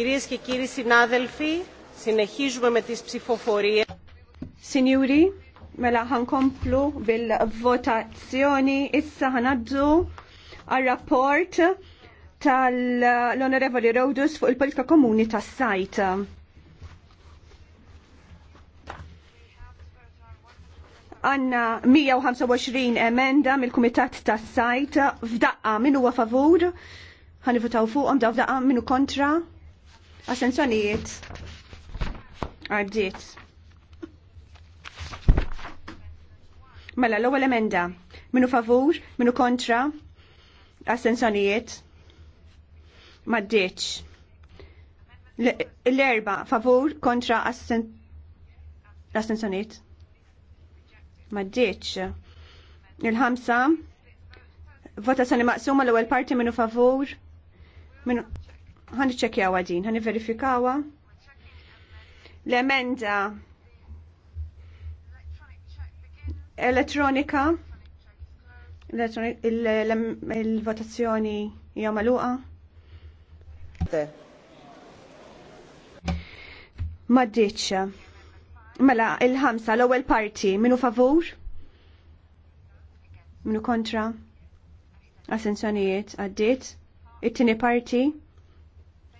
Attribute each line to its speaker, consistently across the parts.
Speaker 1: Κυρίες και κύριοι συνάδελφοι, συνεχίζουμε με τις ψηφοφορίες.
Speaker 2: Signori, mela ħankomplu bil-votazzjoni issa ħanaddu għal-rapport tal-Onorevoli Rodus fuq il-Politika Komuni tas-Sajt. Għanna 125 emenda mill-Kumitat tas-Sajt f'daqqa min huwa favur ħanivutaw fuqhom daw f'daqqa minu kontra Assenzjonijiet Arġiet. Mela l-ewwel emenda. Minu favur, minu kontra, assenzjonijiet maddiċ. L-erba favur kontra assenzjonijiet maddiċ. Il-ħamsa votazzjoni maqsuma l-ewwel parti minu favur minu ħan iċċekjawa din, ħan verifikawa. L-emenda elettronika, il-votazzjoni hija magħluqa. Maddiċ. Mela, il-ħamsa, l-ewwel parti, minu favur? Minu kontra? Asenzjonijiet, għaddiet? It-tieni parti?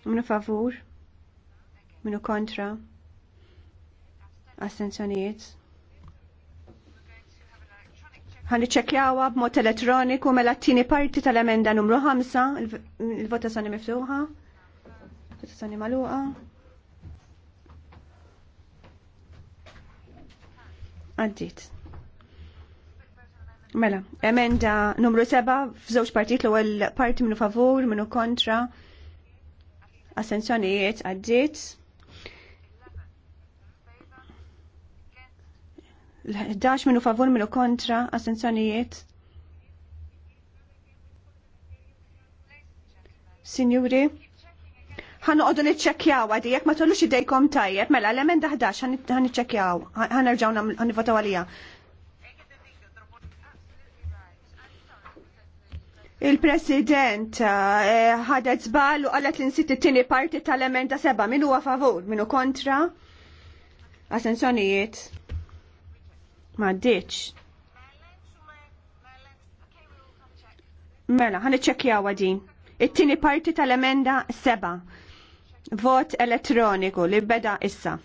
Speaker 2: Minu favur? Minu kontra? Astenzjonijiet? Għan iċċekljawa b'mod elettroniku mela t-tieni parti tal-emenda numru 5, il-votazzjoni vota miftuħa, Vota votazzjoni maluqa. Għaddit. Mela, emenda numru 7 f'żewġ partit l-ewwel parti minnu favur, minnu kontra, Assenzjonijiet għaddiet. L-11 minu favur minu kontra assenzjonijiet. Signori, ħanoqodu nitċekjaw għadi, jek ma tollux idejkom tajjeb, mela l-emenda 11 nerġaw ħanerġaw ħanivotaw għalija. Il-President eh, ħadet zbal u għallet l-insit it-tini parti tal-emenda seba. Minu huwa favur, minu kontra? Asenzjonijiet? Ma ditx. Mela, ħan iċċekjaw din. It-tini parti tal-emenda seba. Vot elettroniku li beda issa.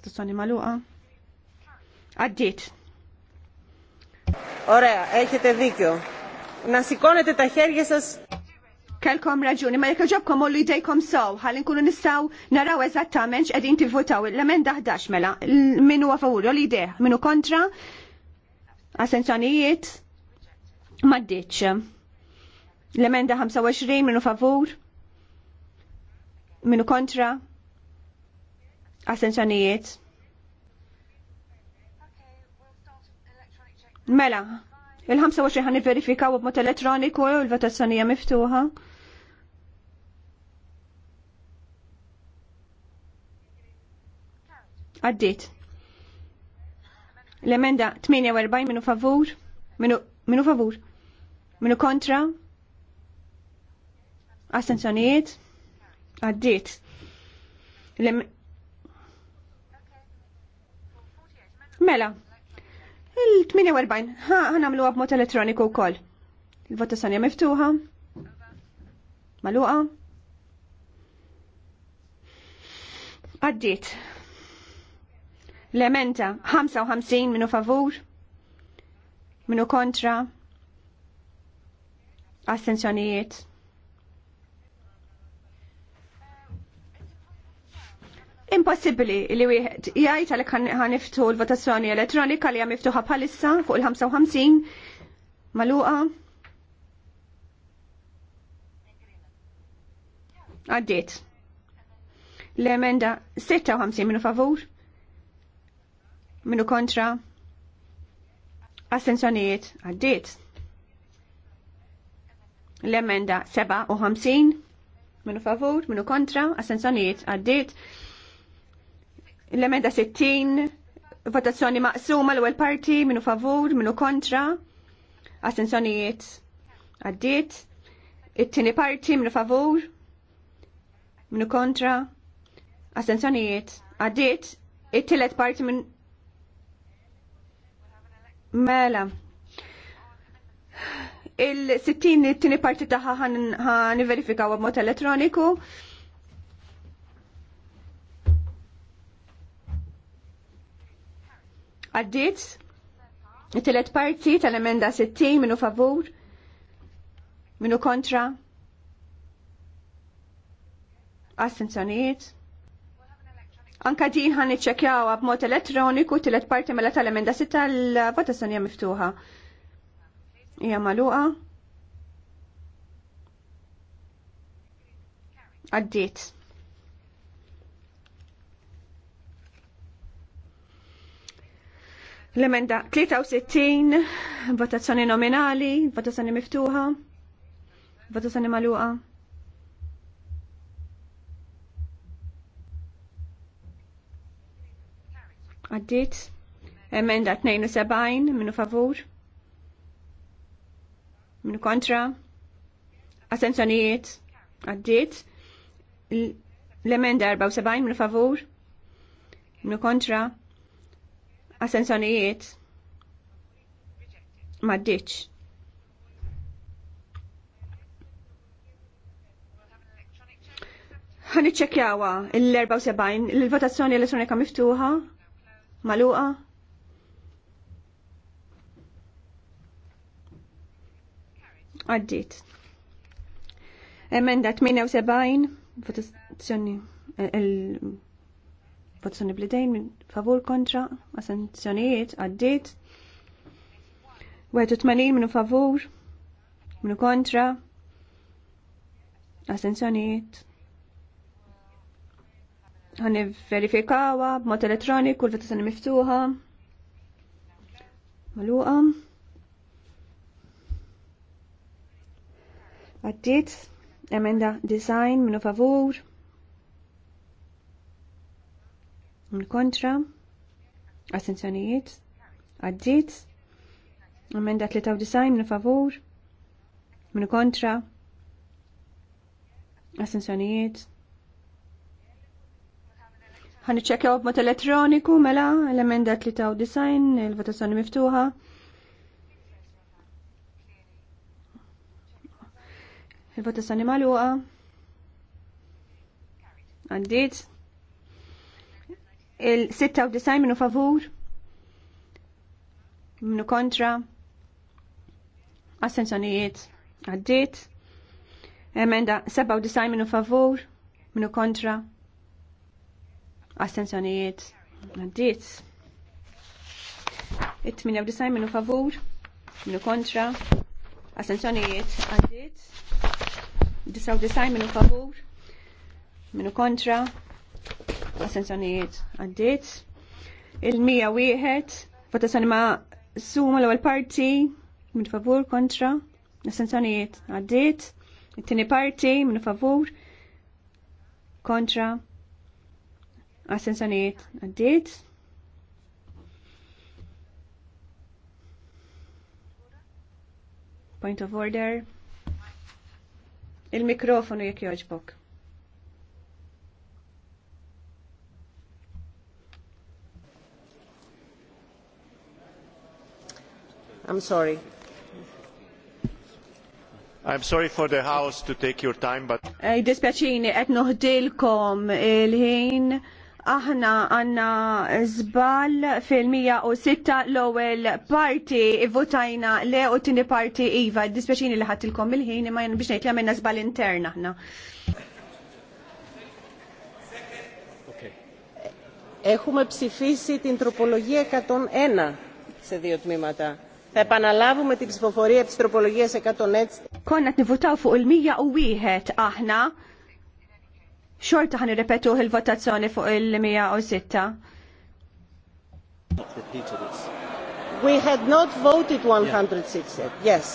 Speaker 2: Ftussoni maluqa? Għaddit.
Speaker 1: Ωραία, έχετε δίκιο. Να σηκώνετε τα χέρια σας.
Speaker 2: Kelkom raġuni, ma jekk ġobkom ullu jdejkom saw. ħalli nkunu nistaw naraw eżattament x'qegħdin tivvutaw l-emenda daħdax mela. Minu favur, li jdeh, minu kontra, assenzjonijiet, maddiċ. L-emenda 25 minu favur, minu kontra, assenzjonijiet. Mela, il-25 ħan verifikaw b'mod elettroniku u l-votazzjonija miftuħa. Għaddit. L-emenda 48 minu favur, minu, minu favur, minu kontra, astenzjonijiet, għaddit. Mela, Il-48, ha, għanamlu għab mot elettroniku u koll. il sanja miftuħa. Maluqa. Għaddit. l 55 minu favur, minu kontra, astensjonijiet Impossibbli li wieħed jgħid għalhekk ħaniftu l-votazzjoni elettronika li hija miftuħa bħalissa fuq il-55 maluqa. Għaddiet. L-emenda 56 minu favur. Minu kontra. Assenzjonijiet għaddiet. L-emenda 57 minu favur, minu kontra, assenzjonijiet għaddiet L-emenda 60, votazzjoni maqsuma l-ewwel parti minu favur, minu kontra, astensjonijiet għaddiet. It-tieni parti minu favur, minu kontra, astensjonijiet għaddiet. It-tielet parti minu mela. Il-60 it-tieni parti taħħa ħan verifikaw b'mod elettroniku. Għaddit, it-telet parti tal-emenda 60 minu favur, minu kontra, astenzjoniet Anka din ħan iċċekjaw b'mod elettroniku telet parti mela tal-emenda 6 tal-votazzjoni hija miftuħa. Hija magħluqa. Għaddiet. L-emenda 63, votazzjoni nominali, votazzjoni miftuħa, votazzjoni maluqa. Għaddit. Emenda 72, minu favur. Minu kontra. Assenzjonijiet. Għaddit. L-emenda 74, minu favur. Minu kontra. Assenzjonijiet maddiċ. Għan iċċekjawa l-74, l-votazzjoni elettronika miftuħa, maluqa. Għaddit. Emenda 78, votazzjoni, eh, votazzjoni blidejn minn favur kontra assenzjonijiet għaddit 81 minn favur minn kontra assenzjonijiet Għani verifikawa b'mod elettroniku l-votazzjoni miftuħa maluqa għaddit emenda design minn favur kontra assenzjonijiet għaddit emenda 93 minn favur minn kontra assenzjonijiet ħaniċċekjaw b'mod elettroniku mela l-emenda 93 il-votazzjoni miftuħa. Il-votazzjoni magħluqa. Għaddiet il-96 minu favur, minu kontra, assenzjonijiet għaddit, emenda 97 minu favur, minu kontra, assenzjonijiet għaddit. It-98 minu favur, minu kontra, assenzjonijiet għaddit. 99 minu favur, minu kontra, assenzjonijiet għaddit. Il-mija wieħed, votazzjoni ma' suma l-ewwel parti minn favur kontra, assenzjonijiet għaddit. It-tieni parti minn favur kontra, assenzjonijiet għaddit. Point of order. Il-mikrofonu jekk joġbok. I'm sorry. sorry for the house to take your time, but... Dispjaċini, qed noħdilkom il-ħin. Aħna għandna żball fil-106 l ewwel parti votajna le u tieni parti Iva. Dispjaċini li ħadtilkom il-ħin, imma biex ngħid li għamilna żball intern aħna. Έχουμε ψηφίσει την
Speaker 1: τροπολογία 101 σε δύο τμήματα. Θα επαναλάβουμε την ψηφοφορία της
Speaker 2: τροπολογίας 106. Κonna t-nivutaw fuq il-101 aħna. Xorta ħan irrepetu il-votazzjoni fuq il-106. We had not voted 106 yet. Yes.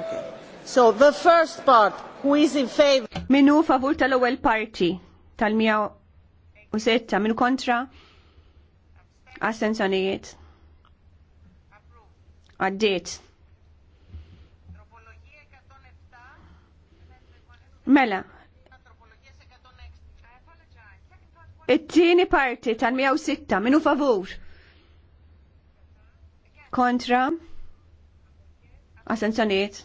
Speaker 2: Okay. So the first part, who is in favor? Minu favur tal-ewwel parti tal-106, minu kontra? Astenzjonijiet għaddit. Mela. It-tieni parti tal-106 minu favur. Kontra. Asenzjoniet.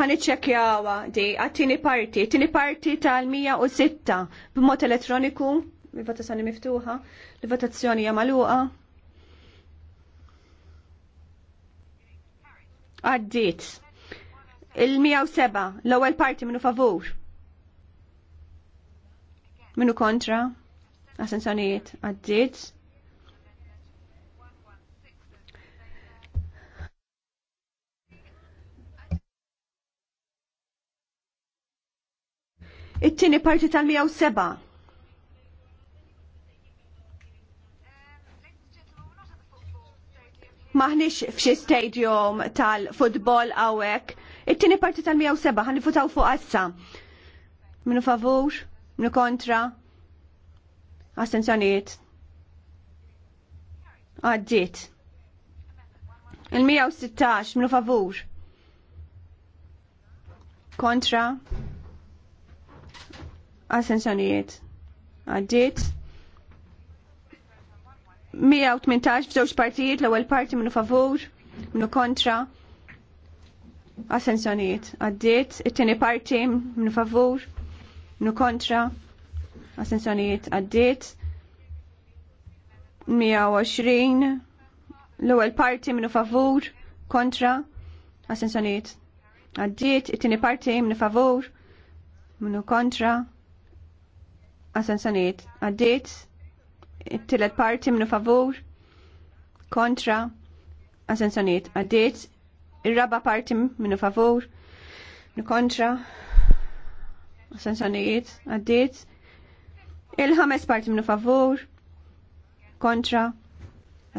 Speaker 2: ħan ċekjawa di għattini tieni parti, tieni parti tal-106 b'mod elettroniku, il-votazzjoni miftuħa, il-votazzjoni hija magħluqa. Għaddit. Il-107, l-ewwel parti minnu favur. Minnu kontra. Assenzjonijiet għaddit. It-tieni parti tal-107 maħniex f'xi stadium tal-futbol għawek. It-tieni parti tal-107 ħan nifutaw fuq assa. Minu favur, minu kontra, astenzjoniet. Għaddit. Il-116 minu favur. Kontra, astenzjoniet. Għaddit. 118 f'żewġ partijiet l-ewwel parti minnu favur, minnu kontra. Assenzjonijiet għaddiet, it-tieni parti minnu favur, minnu kontra. Assenzjonijiet għaddiet. 120 l-ewwel parti minnu favur, kontra. Assenzjonijiet għaddiet, it-tieni parti minnu favur, minnu kontra. Assenzjonijiet għaddiet it-tielet parti minnu favur kontra assenzjoniet għaddiet ir-raba parti minu favur minnu kontra assenzjoniet għaddiet il-ħames parti minnu favur kontra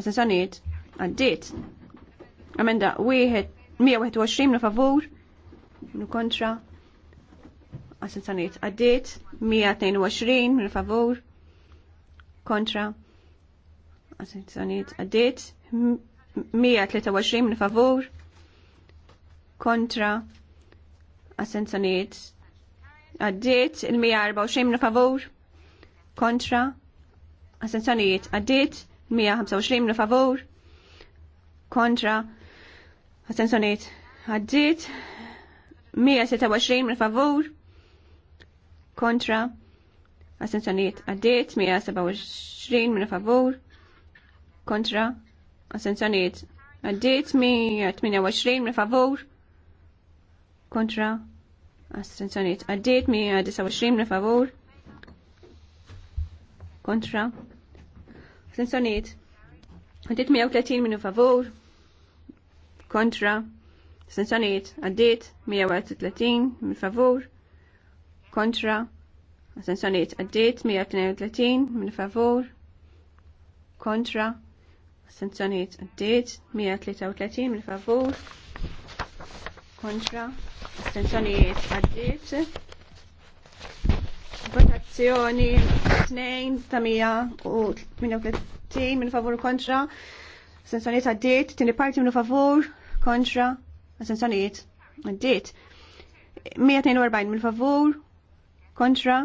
Speaker 2: assenzjoniet għaddiet amenda wieħed 121 nu favur Nu kontra assenzjoniet għaddiet 122 minu favur kontra astenzjoniet għaddit 123 minn favur kontra astenzjoniet għaddit il-124 minn favur kontra astenzjoniet għaddit 125 minn favur kontra astenzjoniet għaddit 126 minn favur kontra Assenzjoniet għaddiet 127 minn favur kontra assenzjoniet għaddiet 128 minn favur kontra assenzjoniet għaddiet 129 minn favur kontra assenzjoniet għaddiet 130 minn favur kontra assenzjoniet għaddiet 131 minn favur kontra Astensjoniet għaddit 132 minn favur kontra. Astensjoniet għaddit 133 minn favur kontra. Astensjoniet għaddit. Votazzjoni 2 ta' 138 minn favur kontra. Astensjoniet għaddit. Tini parti minn favur kontra. Astensjoniet għaddit. 142 minn favur kontra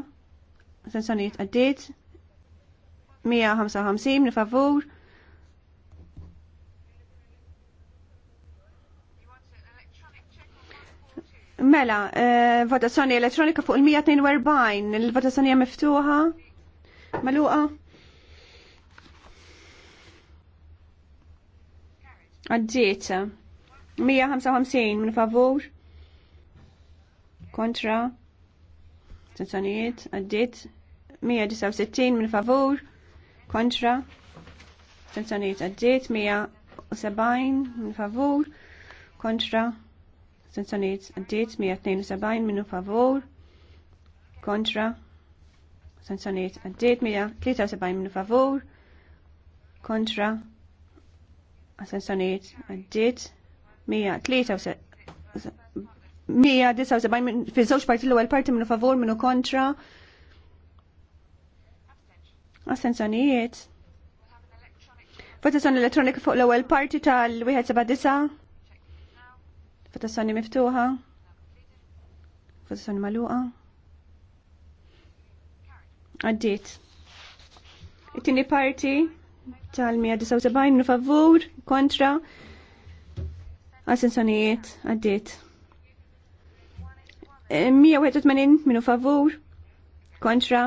Speaker 2: Sensonijiet għaddit. 155 nifavur. Mela, eh, votazzjoni elettronika fuq il-142, il-votazzjoni hija miftuħa. Maluqa. Għaddiet. 155 minn favur. Kontra. Stazzjonijiet. Għaddiet. 169 minn favur kontra astenzjonijiet għaddiet 170 minn favur kontra astenzjonijiet għaddiet 172 minn favur kontra astenzjonijiet għaddiet 173 minn favur kontra astenzjonijiet għaddit 173 179 fi żewġ parti l-ewwel parti minnu favur minnu kontra Assenzjonijiet. Votazzjoni elektronika fuq l-ewwel parti tal-179. Votazzjoni miftuħa. Votazzjoni magħluqa. Għaddiet. It-tieni parti tal-179 favur kontra assenzjonijiet għaddiet. 181 minu favur kontra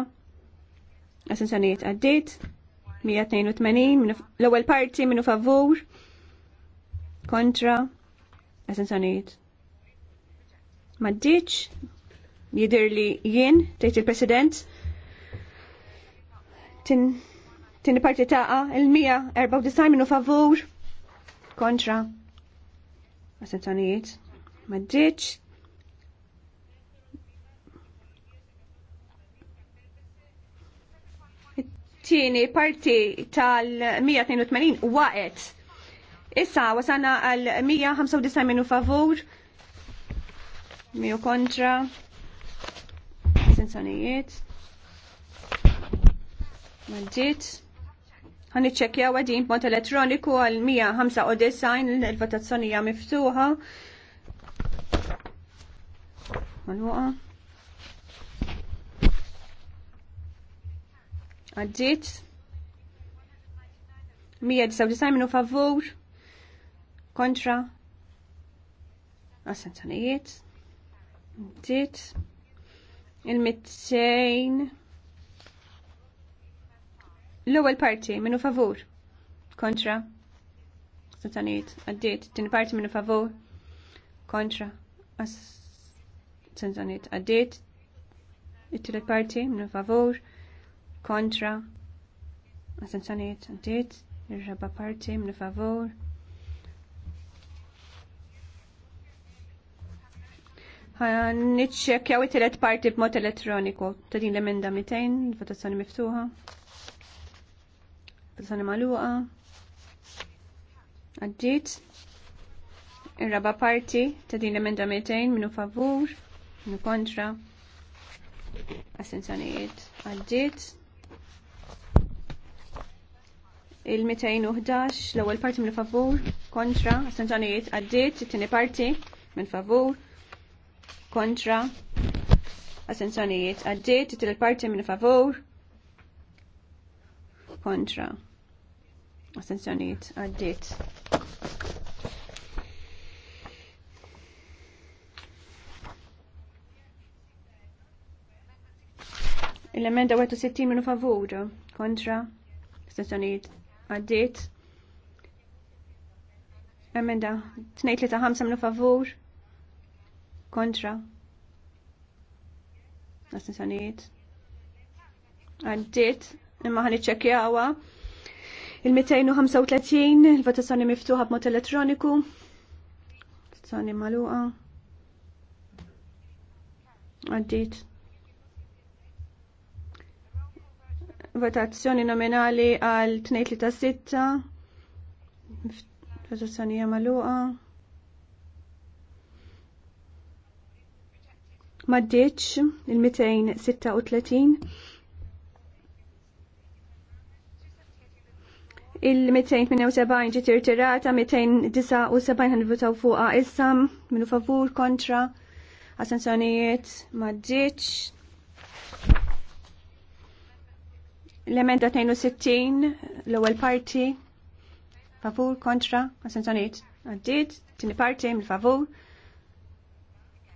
Speaker 2: Assenzjonijiet għaddit. 182 l-ewwel parti minnu favur kontra assenzjonijiet. Maddiċ jidir li jien tgħid il-President tin tieni parti taqa il-194 minnu favur kontra assenzjonijiet. Maddiċ tini tieni parti tal-182 waqet. Issa wasanna għal 195 minu favur, minu kontra, sensonijiet, maġġiet. Għan ċekja għadin b'mod elettroniku għal 195 il-votazzjoni hija miftuħa. Għal għadġiċ. 199 minu favur kontra assenzjonijiet Għadġiċ. il-200 l-ewwel parti minu favur kontra Sentanijiet, Għadġiċ. tin parti minu favur, kontra, as sentanijiet, għaddiet, it-tilet parti minu favur, kontra astenzjonijiet għaddiet ir parti minn favur jaw it telet parti b'mod elettroniku ta' din l-emenda 200, votazzjoni miftuħa. Votazzjoni maluqa, għaddit, Ir-raba parti ta' din l-emenda 200 minu favur, minu kontra. Assenzjonijiet. għaddit. il-211 l-ewwel parti minn favur kontra astenzjonijiet għaddiet, it-tieni parti minn favur kontra astenzjonijiet għaddiet, it-tieni parti minn favur kontra astenzjonijiet għaddiet. Il-emenda 61 minn favur kontra stazzjonijiet għaddiet. Emenda 235 minu favur kontra għasnisanijiet. Għaddit, imma ħan iċċekjawa il-235 il-votazzjoni miftuħa b b'mod elettroniku. Votazzjoni maluqa. Għaddiet. votazzjoni nominali għal 236 votazzjoni jamaluqa maddiċ il-236 il-278 ġiet tirtirata, 279 ħanvutaw fuqha issa minu favur kontra assenzjonijiet maddiċ L-emenda 62, l-ewwel parti, favur, kontra, assenzjoniet, għaddit, tini parti, mill-favur,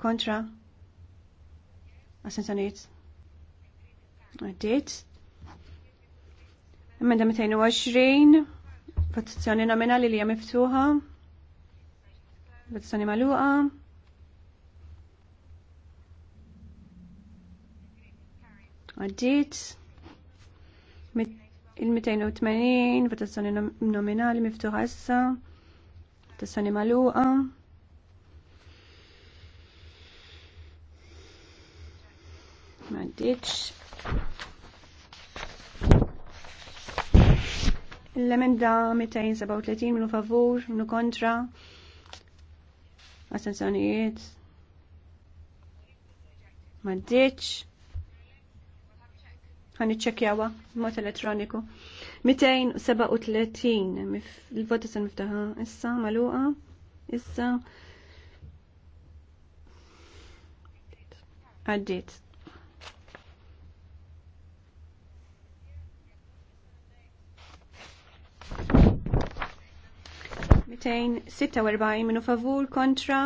Speaker 2: kontra, assenzjoniet, għaddit. Emenda 220, votazzjoni nominali li hija miftuħa, votazzjoni maluqa, Għaddit il-280 votazzjoni nominali miftuħa issa votazzjoni maluqa ma l-emenda 237 minu favur minu kontra astenzjonijiet ma ditx ħan iċċekjawa mod elettroniku. 237 il-votazzjoni miftaħa issa maluqa issa għaddit. Mitejn 46 minu favur kontra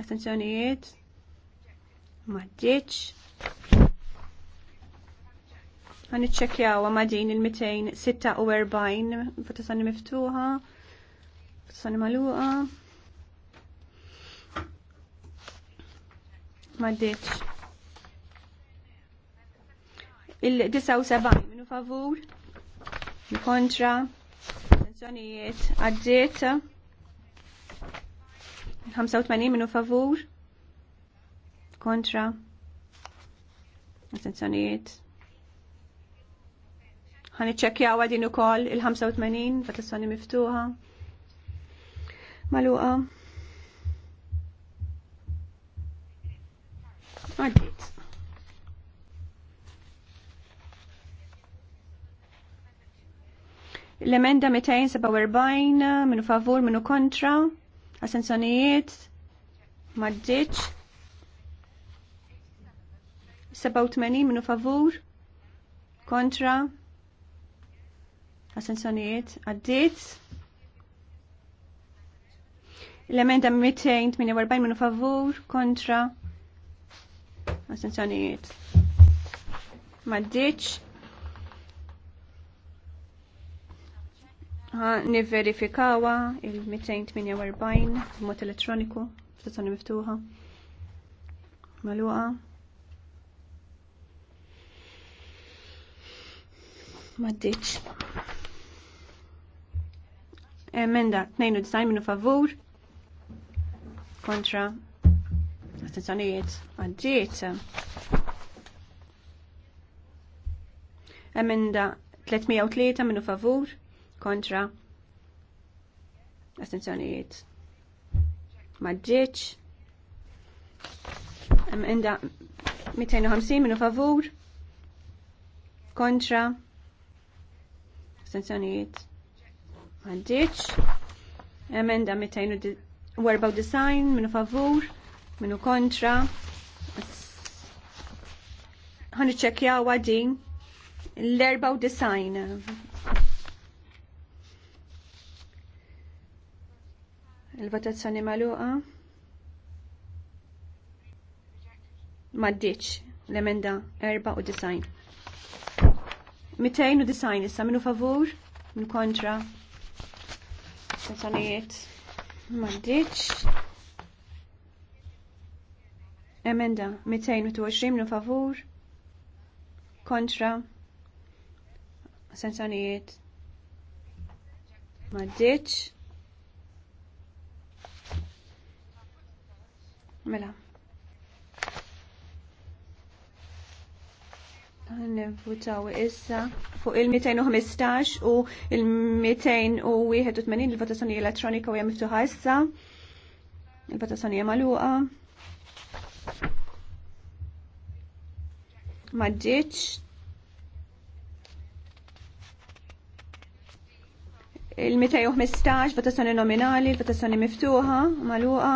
Speaker 2: astenzjonijiet ma Għan iċċekjaw għama din il-246 votazzjoni miftuħa, votazzjoni maluqa. Ma' ditx. Il-79 minu favur, kontra, votazzjonijiet il 85 minu favur, kontra, attenzjonijiet għadin din ukoll il-85 votazzjoni miftuħa. Maluqa. Għaddit. L-emenda 247 minu favur minu kontra. Assenzjonijiet. Maddiċ. 87 minu favur. Kontra. Assenzjonijiet għaddit. L-emenda 248 minu favur kontra assenzjonijiet. Maddiċ. Niverifikawa il-248 mod elettroniku, f'stazzjoni miftuħa. Maluqa. Maddiċ. Emenda 92 minu favur kontra astenzjonijiet għadġiet. Emenda 303 minu favur kontra astenzjonijiet. Maġġieċ. Emenda 250 minu favur kontra astenzjonijiet Għaddiċ. Emenda 294 minu favur, minu kontra. Għan iċċekjaw għadin l-94. Il-votazzjoni maluqa. Maddiċ l-emenda 94. 290 issa minu favur, minu kontra, Sensanijiet maddiċ. Emenda 220 minu favur kontra sensanijiet maddiċ. Mela. Nivvutaw issa fuq il-215 u il-281 il-votazzjoni elettronika u hija miftuħa issa. Il-votazzjoni hija magħluqa. Ma ġietx. Il-215 votazzjoni nominali, votazzjoni miftuħa, magħluqa.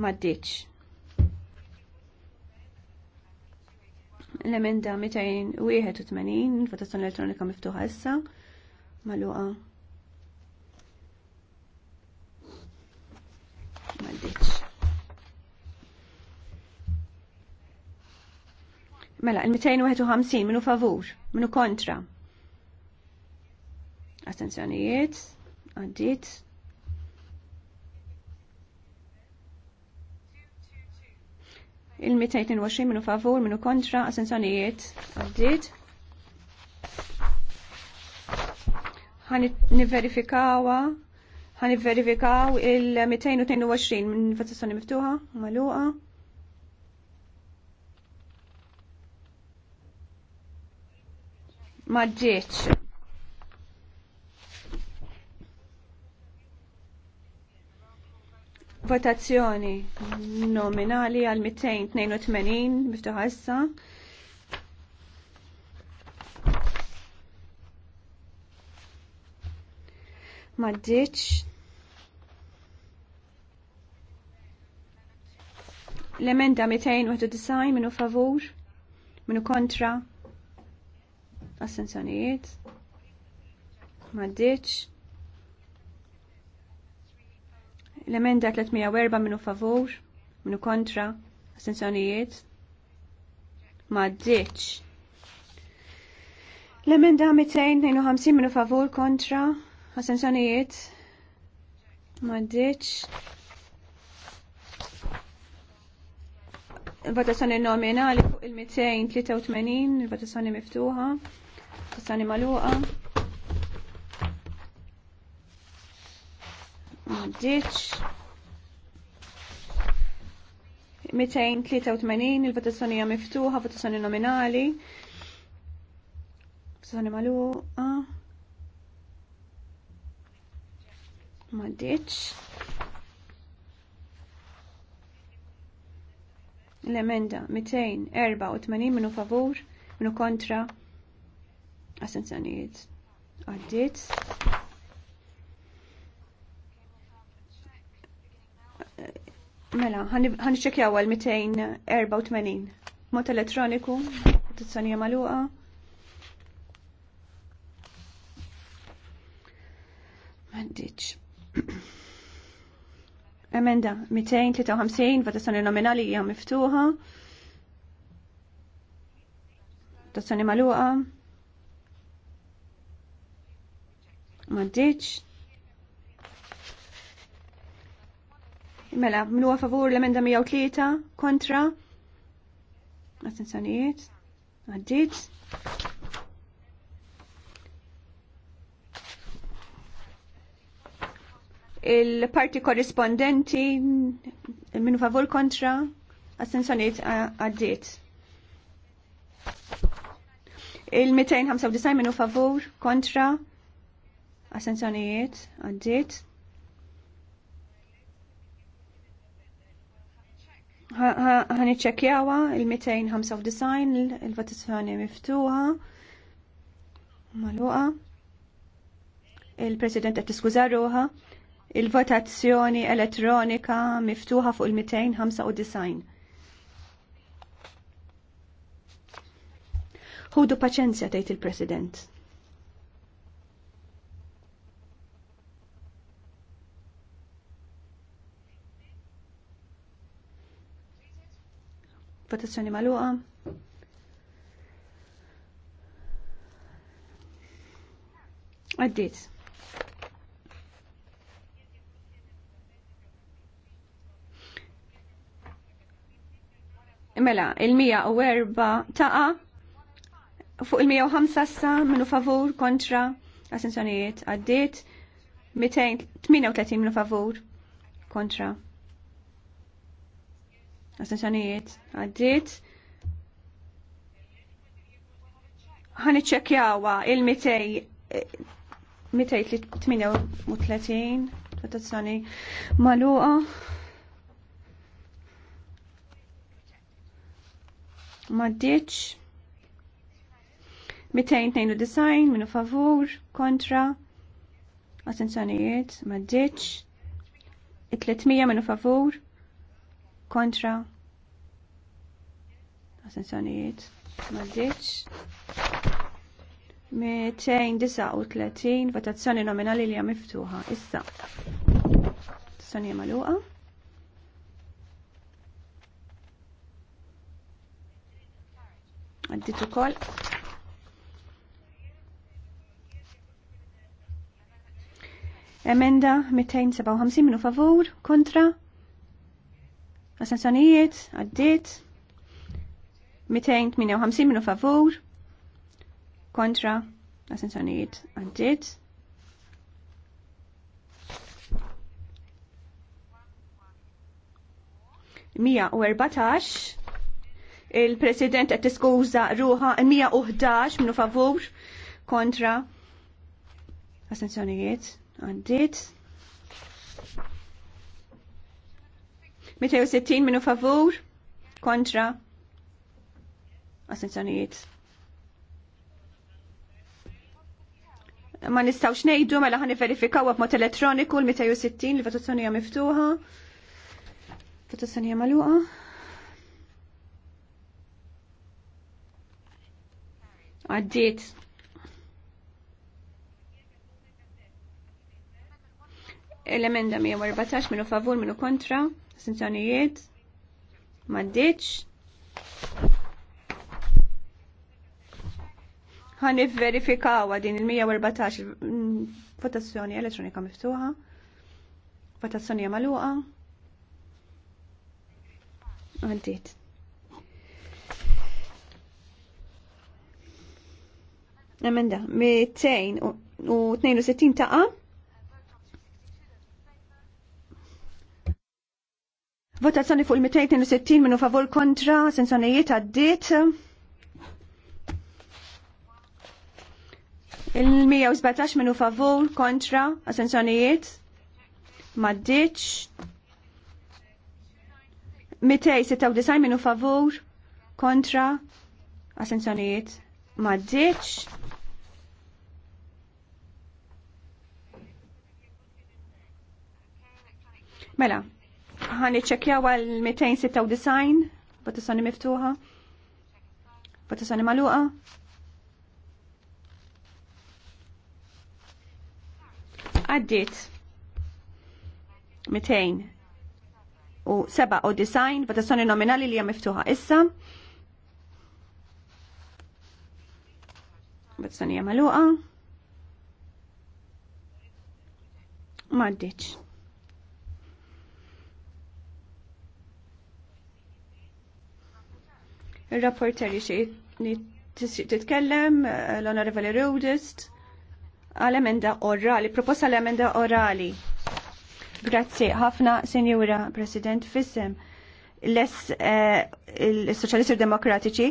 Speaker 2: maddiċ. L-emenda 281, votazzjoni elettronika miftuħa issa, maluqa. Maddiċ. Mela, il-251 minu favur, minu kontra. Attenzjonijiet, għaddit, il-222 minu favur minu kontra assenzjonijiet għaddit. Għan niverifikawa, għan niverifikaw il-222 minn votazzjoni miftuħa, maluqa. Maġġieċ. Votazzjoni nominali għal 282 miftuħa issa. Maddiċ. L-emenda 291 minu favur, minu kontra, assenzjonijiet, maddiċ. L-emenda 304 minu favur, minu kontra, assenzjonijiet, ma ddiċ. L-emenda 252 minu favur kontra assenzjonijiet maddiċ. Votazzjoni nominali fuq il-283, votazzjoni miftuħa, votazzjoni maluqa. maddiċ. 283 il-votazzjoni hija miftuħa, votazzjoni nominali. Votazzjoni magħluqa. Maddiċ. L-emenda 284 minu favur, minu kontra. Assenzjonijiet. Għaddit. Mela, għan iċċekjaw għal 284. Mot elettroniku, tizzanija maluqa. Mandiċ. Emenda, 253, votazzjoni nominali hija miftuħa. Votazzjoni maluqa. Mandiċ. Mela, minu favur l-emenda 103 kontra. Attenzjoniet. Għaddit. Il-parti korrispondenti minu favur kontra. Attenzjoniet għaddit. Il-295 minu favur kontra. Assenzjonijiet għaddit. ħaniċċekjawa il-295 il-votazzjoni miftuħa maluqa il-President qed tiskuża ruħa il-votazzjoni elettronika miftuħa fuq il-295. Ħudu paċenzja tgħid il-President. votazzjoni maluqa. Għaddit. Mela, il-104 taqa fuq il-105 sa minu favur kontra assenzjonijiet għaddit 238 minu favur kontra astensjonijiet għaddit. Ħan ċekjawa il-238 votazzjoni maluqa. Maddiċ. 292 minu favur, kontra, attenzjonijiet, maddiċ, 300 minu favur, kontra, Assenzjonijiet. Maddiċ. 239 votazzjoni nominali li hija miftuħa. Issa. Votazzjoni magħluqa. Għaddit ukoll. Emenda 257 minu favur, kontra. Assenzjonijiet, għaddit. 258 minu favur kontra l-assenzjonijiet għaddit. Mija u il-President qed tiskuża ruħa 111 minu favur kontra assenzjonijiet għaddit. 260 minu favur kontra Assenzjonijiet. Ma nistawx nejdu mela ħani verifikaw b'mod elettroniku l-260 l-votazzjoni hija miftuħa. Votazzjoni hija magħluqa. Għaddiet. l-emenda 114 minu favur minu kontra, sanzjonijiet, maddiċ. ħan verifikawa din il-114 votazzjoni elettronika miftuħa, votazzjoni maluqa. Għaddit. Emenda, 262 taqa. Votazzjoni fuq il-262 minnu favor kontra, sensonijiet għaddit. Il-117 minu favur kontra assenzjonijiet maddiċ. 296 minu favur kontra assenzjonijiet maddiċ. Mela, ħan iċċekjaw għal 296 votazzjoni miftuħa, votazzjoni maluqa. Għaddit. 200 u 7 u design votazzjoni nominali li hija miftuħa issa. Votazzjoni hija magħluqa. M'għaddiċ. il xie jixi titkellem eh, l-Onorevoli Rudist għal-emenda orali, proposta għal emenda orali. Grazie, ħafna, Senjura President, fissem les eh, il socialisti Demokratiċi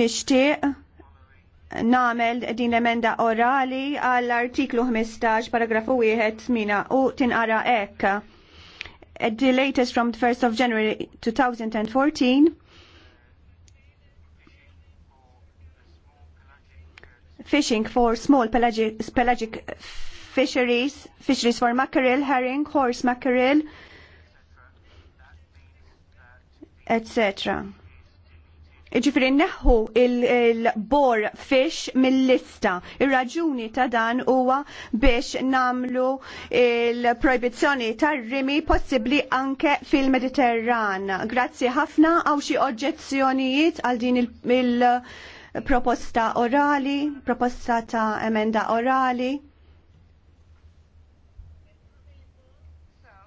Speaker 2: nixtieq namel din l-emenda orali għall-artiklu 15 paragrafu 1 mina u tinqara ekka. At the latest from the 1st of January 2014 fishing for small pelagic, pelagic fisheries, fisheries for mackerel, herring, horse mackerel, etc. Ġifiri neħu il-bor il fish mill-lista. Ir-raġuni ta' dan huwa biex namlu il-proibizzjoni tar-rimi possibbli anke fil-Mediterran. Grazzi ħafna għaw xi oġġezzjonijiet għal din il-, il proposta orali, proposta ta' emenda orali.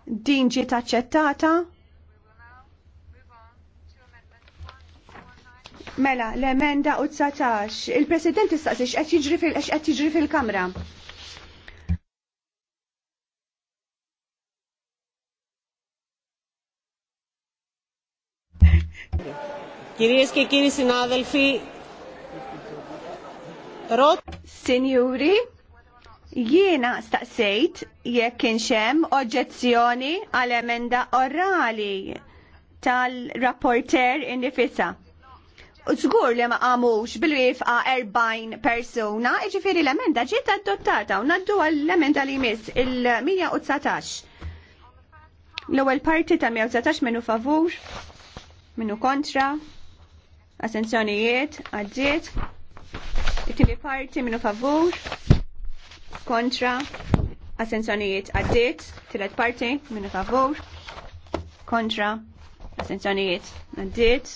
Speaker 2: Din ġiet aċċettata. Mela, l-emenda u Il-President istaqsi x'qed jiġri fil-Kamra.
Speaker 1: Κυρίες και κύριοι συνάδελφοι,
Speaker 2: Rot. Sinjuri, jiena staqsejt jekk inxem oġġezzjoni għal emenda orali tal-rapporter indifisa. Zgur li ma għamux bil-wifqa 40 persona, iġifiri l-emenda ġiet adottata u naddu għall-emenda li jmiss il-119. L-ewwel parti ta' 119 minnu favur, minnu kontra, assenzjonijiet, għadġiet it-tili parti minu favur, kontra, assenzjonijiet għaddit, tilet parti minu favur, kontra, assenzjonijiet għaddit,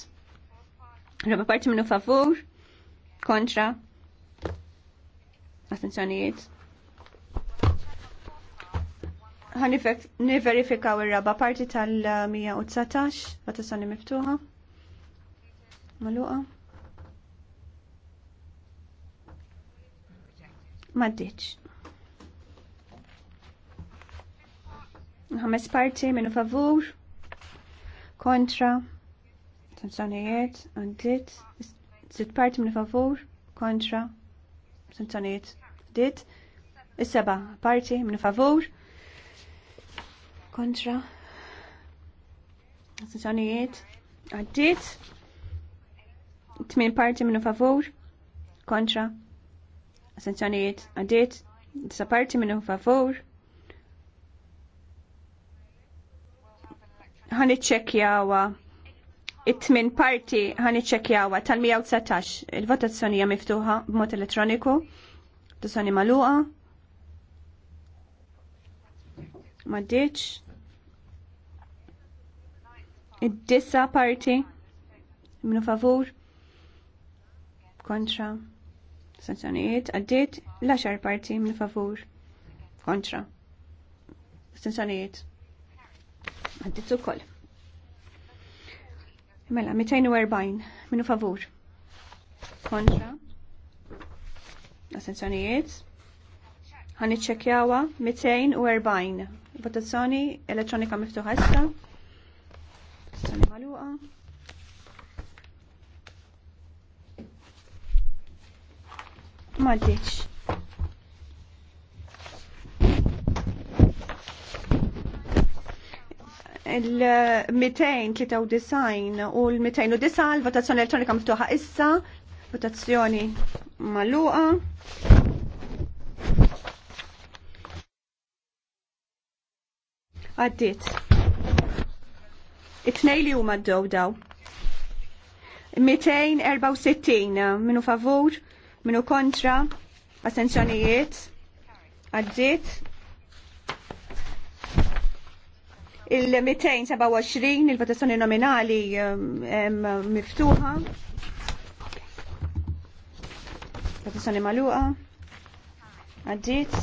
Speaker 2: raba parti minu favur, kontra, assenzjonijiet. Għan niverifikaw il-raba parti tal-119, għatazzjoni miftuħa, maluqa. ddiċ. Ħames parti minnu favur, kontra, sanzjonijiet, għandit, zid parti minnu favur, kontra, sanzjonijiet, dit, is-seba parti minnu favur, kontra, sanzjonijiet, għaddit, tmin parti minnu favur, kontra, Assenzjonijiet għadiet, Disa parti minnu favur. Għan iċċekjawa. It-tmin parti għan iċċekjawa tal-119. Il-votazzjoni hija miftuħa b'mod elettroniku. Votazzjoni maluqa. Maddiċ. Id-disa parti minnu favur. Kontra. Sensjonijiet, għaddiet l-10 parti minn favur kontra. Astenzjonijiet għaddiet koll. Mela, 240 minu favur kontra l-assenzjonijiet. Għan iċċekjawa 240. Votazzjoni elettronika miftuħa issa. maluqa. Maddiċ. il-293 u l-209 l-votazzjoni elettronika miftuħa issa, votazzjoni maluqa. Għaddit. It-tnej li huma d-dow daw. 264 minu favur, Minu kontra, assenzjonijiet, għaddit. Il-227, il-votazzjoni nominali um, miftuħa. Votazzjoni maluqa, għaddit.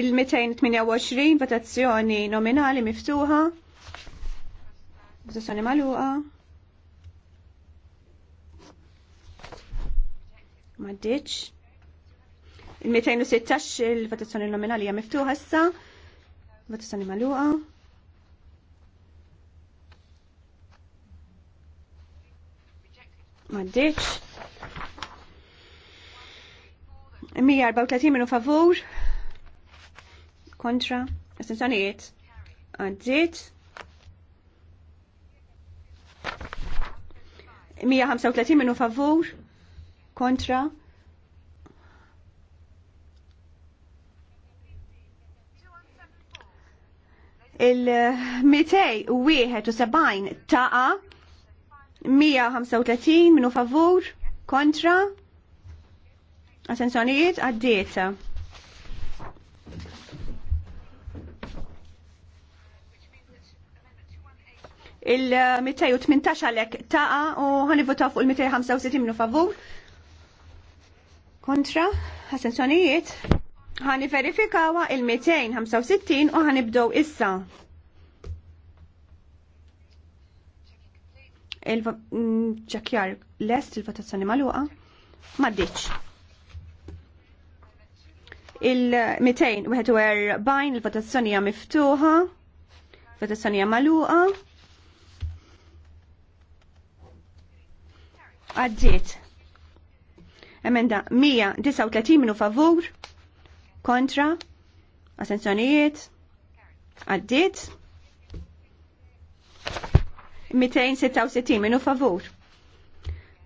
Speaker 2: Il-228, votazzjoni nominali miftuħa. Votazzjoni maluqa. Maddiċ. Il-216 il-votazzjoni nominali hija miftuħa issa. Votazzjoni magħluqa. Maddiċ. 134 minu favur. Kontra. Astenzjonijiet. Għaddiet. 135 minu favur kontra il-271 taqa 135 minu favur kontra Asensjonijiet għaddieta. Il-218 għalek taqa u ħanivota fuq il-265 minu favur kontra, assenzjonijiet, ħani verifikawa il-265 u bdow issa. Il-ċakjar mm, lest il-votazzjoni maluqa, maddiċ. il u bajn il-votazzjoni miftuħa, votazzjoni hija maluqa. Għaddiet. Emenda 139 minu favur kontra asenzjonijiet għaddit 266 minu favur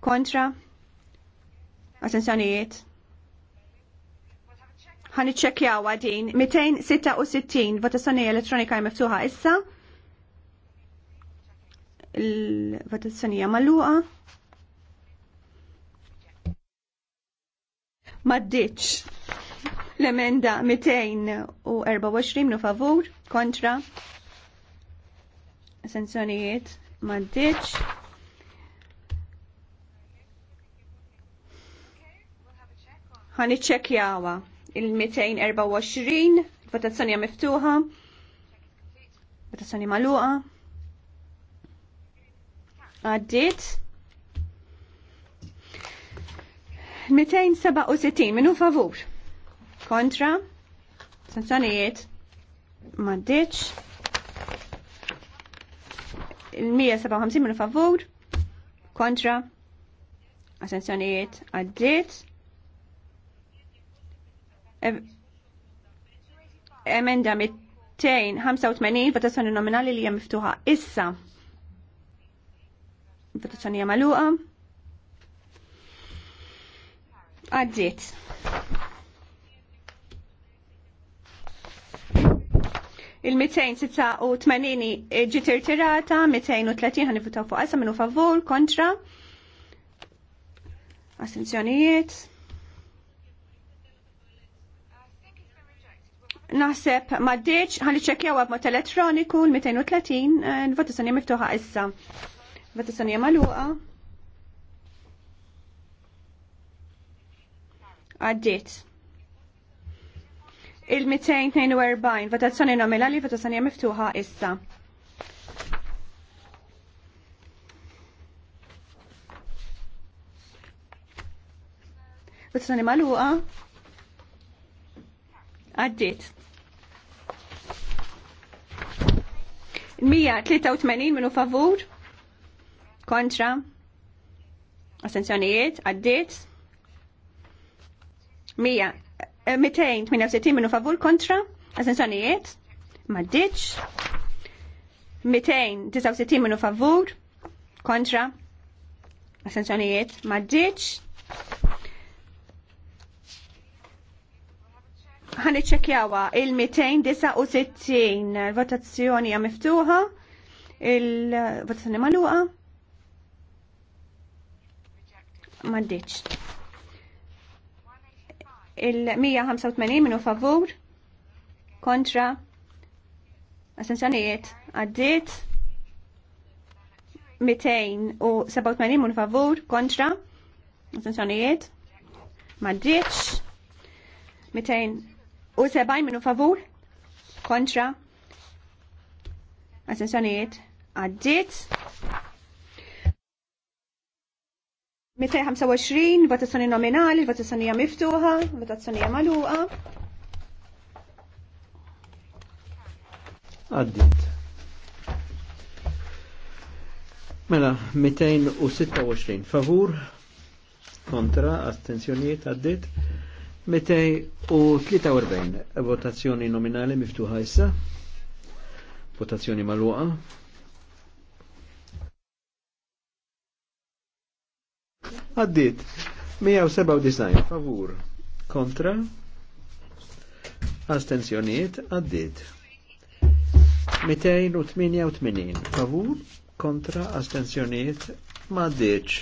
Speaker 2: kontra asenzjonijiet ħan iċċekjaw għadin 266 votazzjoni elettronika miftuħa issa il-votazzjonija maluqa maddiċ. L-emenda 224 u favur kontra sensonijiet maddiċ. ħan iċċekjawa il-224 votazzjoni miftuħa votazzjoni maluqa għaddit 267 minu favur. Kontra. Sanzjonijiet. Maddiċ. Il-157 minu favur. Kontra. Sanzjonijiet. Għaddit. Emenda 285 votazzjoni nominali li hija miftuħa issa. Votazzjoni hija magħluqa għadżiet. Il-286 eh, ġiet tirata, 230 għan ifutaw fuq għasa minnu favur, kontra. Astenzjonijiet. Naħseb ma għan ħalli ċekjaw b'mod elettroniku l-230 eh, votazzjoni miftuħa issa. Votazzjoni magħluqa. għaddit. Il-242 votazzjoni nominali votazzjoni miftuħa issa. Votazzjoni maluqa. Għaddiet. 183 minu favur kontra astenzjonijiet għaddit Mija, 268 eh, minu favur kontra, assenzjonijiet, maddiċ, 269 minu favur kontra, assenzjonijiet, maddiċ. ħan iċċekjawa il-269 votazzjoni hija miftuħa, il-votazzjoni magħluqa. M'għaddiċ il-185 minu favur kontra assenzjonijiet għaddit 287 minu favur kontra assenzjonijiet maddiċ 270 minu favur kontra assenzjonijiet għaddit 225 votazzjoni nominali, votazzjoni miftuħa, votazzjoni magħluqa.
Speaker 3: Għaddit. Mela, 226 favur, kontra, astenzjoniet, għaddit. 243 votazzjoni nominali miftuħa issa, votazzjoni maluqa. Għaddit. 197 favur kontra astenzjoniet għaddit 288 favur kontra astenzjoniet ma għaddit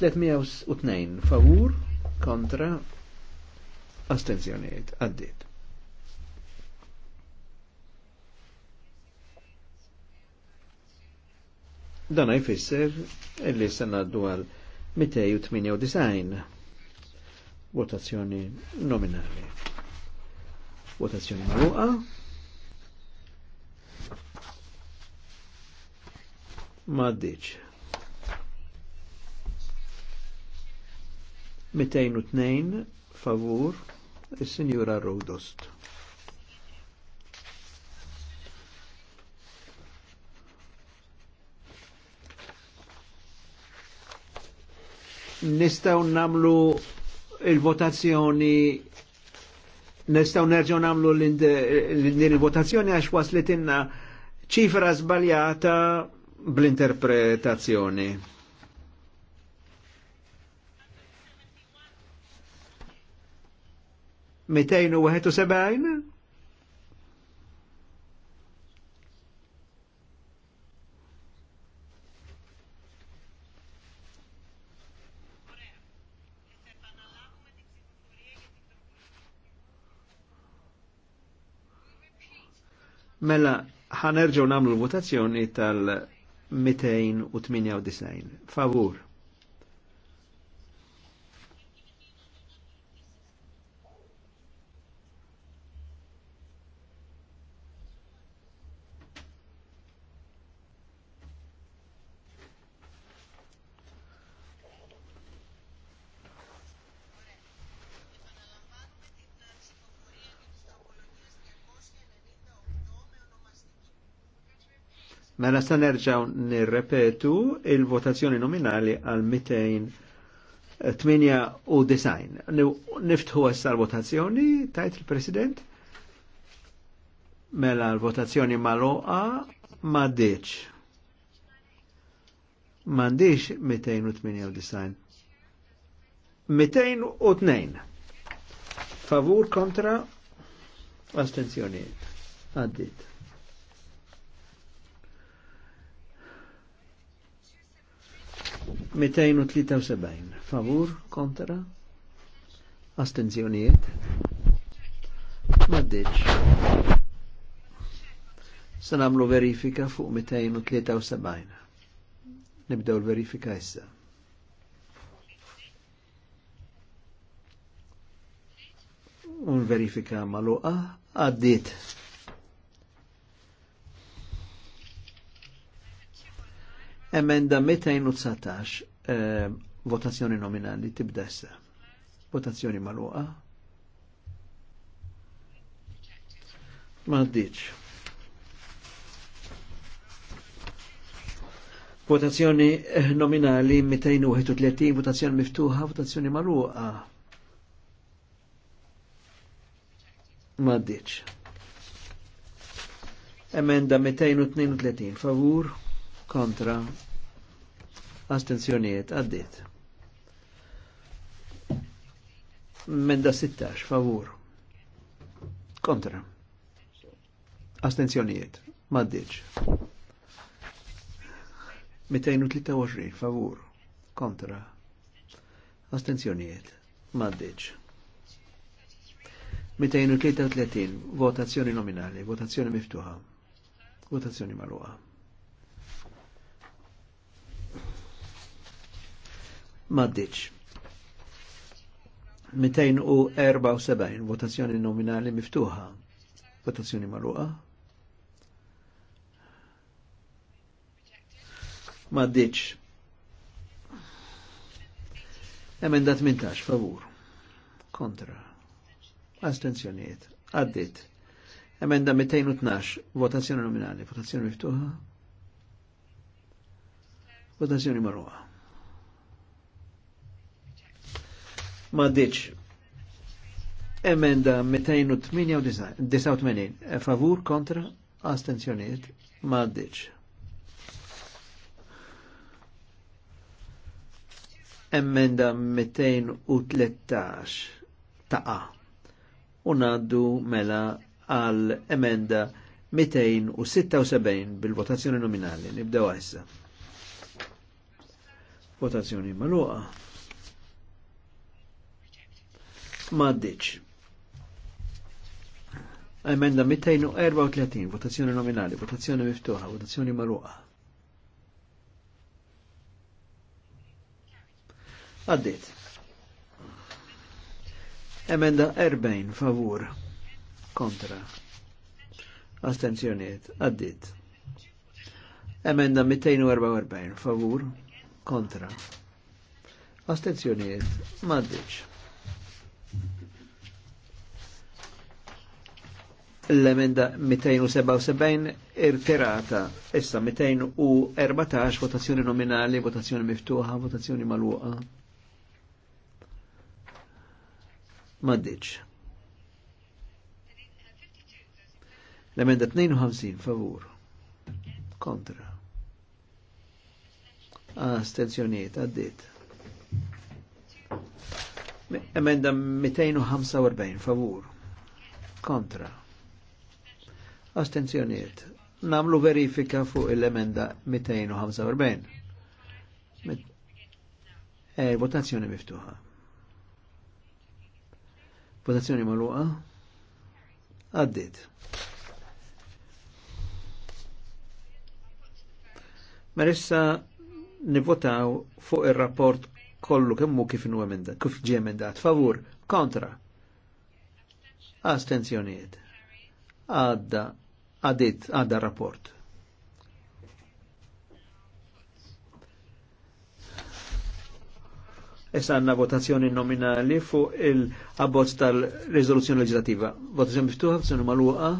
Speaker 3: 302 favur kontra astenzjoniet għaddit Dan jfisser illi sena ngħaddu għal 298 votazzjoni nominali. Votazzjoni magħluqa. Maddiċ. 202 favur is-Sinjura Rodost. nistaw namlu il-votazzjoni nistaw nerġaw namlu l-votazzjoni għax waslitinna ċifra zbaljata bl-interpretazzjoni. Mitejnu u Mela, ħanerġaw namlu votazzjoni tal-298. Favur. Mela sta nerġaw nirrepetu il-votazzjoni nominali għal 298. Eh, niftħu għessa l-votazzjoni, tajt il-President. Mela l-votazzjoni maloqa ma deċ. Mandiċ 298. 202. Favur kontra astenzjoniet. Għaddit. 273 favur kontra astenzjonijiet maddeċ. Sanamlu verifika fuq 273 nibdew l-verifika issa un verifika maluqa għaddit Emenda 219, eh, votazzjoni nominali, tibda issa. Votazzjoni maluqa. Ma ddiċ. Votazzjoni eh, nominali 231, votazzjoni miftuħa, votazzjoni maluqa. Ma ddiċ. Emenda 232, favur kontra astenzjoniet għaddit. Menda 16 favur kontra astenzjoniet maddiċ. 223 favur kontra astenzjoniet maddiċ. 233 votazzjoni nominali, votazzjoni miftuħa, votazzjoni maluħa. maddiċ. 274 votazzjoni nominali miftuħa. Votazzjoni marruqa. Maddiċ. Emendat mintax, favur. Kontra. Astenzjoniet. Addit. Emenda 212, votazzjoni nominali, votazzjoni miftuħa. Votazzjoni marruqa. ma ditx. Emenda 289, e, favur kontra astenzjoniet ma ditx. Emenda 213 taqa. Unaddu mela għal emenda 276 bil-votazzjoni nominali. Nibdew issa. Votazzjoni maluqa maddiċ. Emenda 234, votazzjoni nominali, votazzjoni miftuħa, votazzjoni marruqa. Għaddit. Emenda 40, favur, kontra. Astenzjoniet, għaddit. Emenda 244, favur, kontra. Astenzjoniet, maddiċ. l-emenda 277 irtirata, issa 214 votazzjoni nominali, votazzjoni miftuħa, votazzjoni maluqa. Maddiċ. L-emenda 52, favur. Kontra. Astenzjoniet, għaddit. Emenda 245, favur. Kontra astenzjoniet. Namlu verifika fuq il-emenda 245. Met... votazzjoni miftuħa. Votazzjoni maluqa. Għaddit. Marissa mela nivotaw fuq il-rapport kollu kemmu kif nu emenda, kif ġie emendat, favur, kontra, astenzjoniet, għadda għadit għadda rapport. Issa għanna votazzjoni nominali fuq il-abbozz tal-rizoluzzjoni legislativa. Votazzjoni miftuħa, votazzjoni maluqa.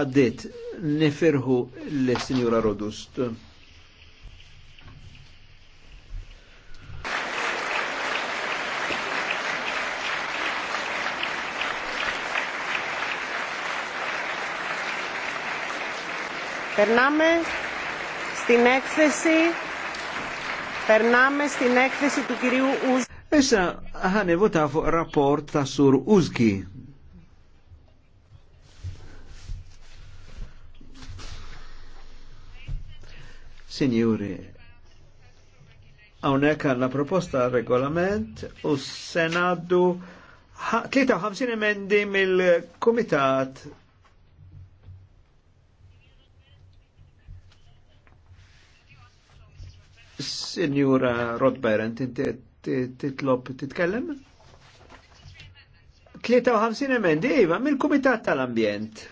Speaker 3: Għaddit, nifirħu l-Sinjura Rodust.
Speaker 1: Περνάμε στην έκθεση Περνάμε στην έκθεση του κυρίου Ουζ. Issa ανεβώ τα fuq rapport ta' sur
Speaker 3: Użki. Signori, għawnek proposta regolament u s-senaddu 53 emendi mill-Komitat Signora Rodberent, inti titlob titkellem? 53 emendi, iva, mill-Kumitat tal-Ambjent.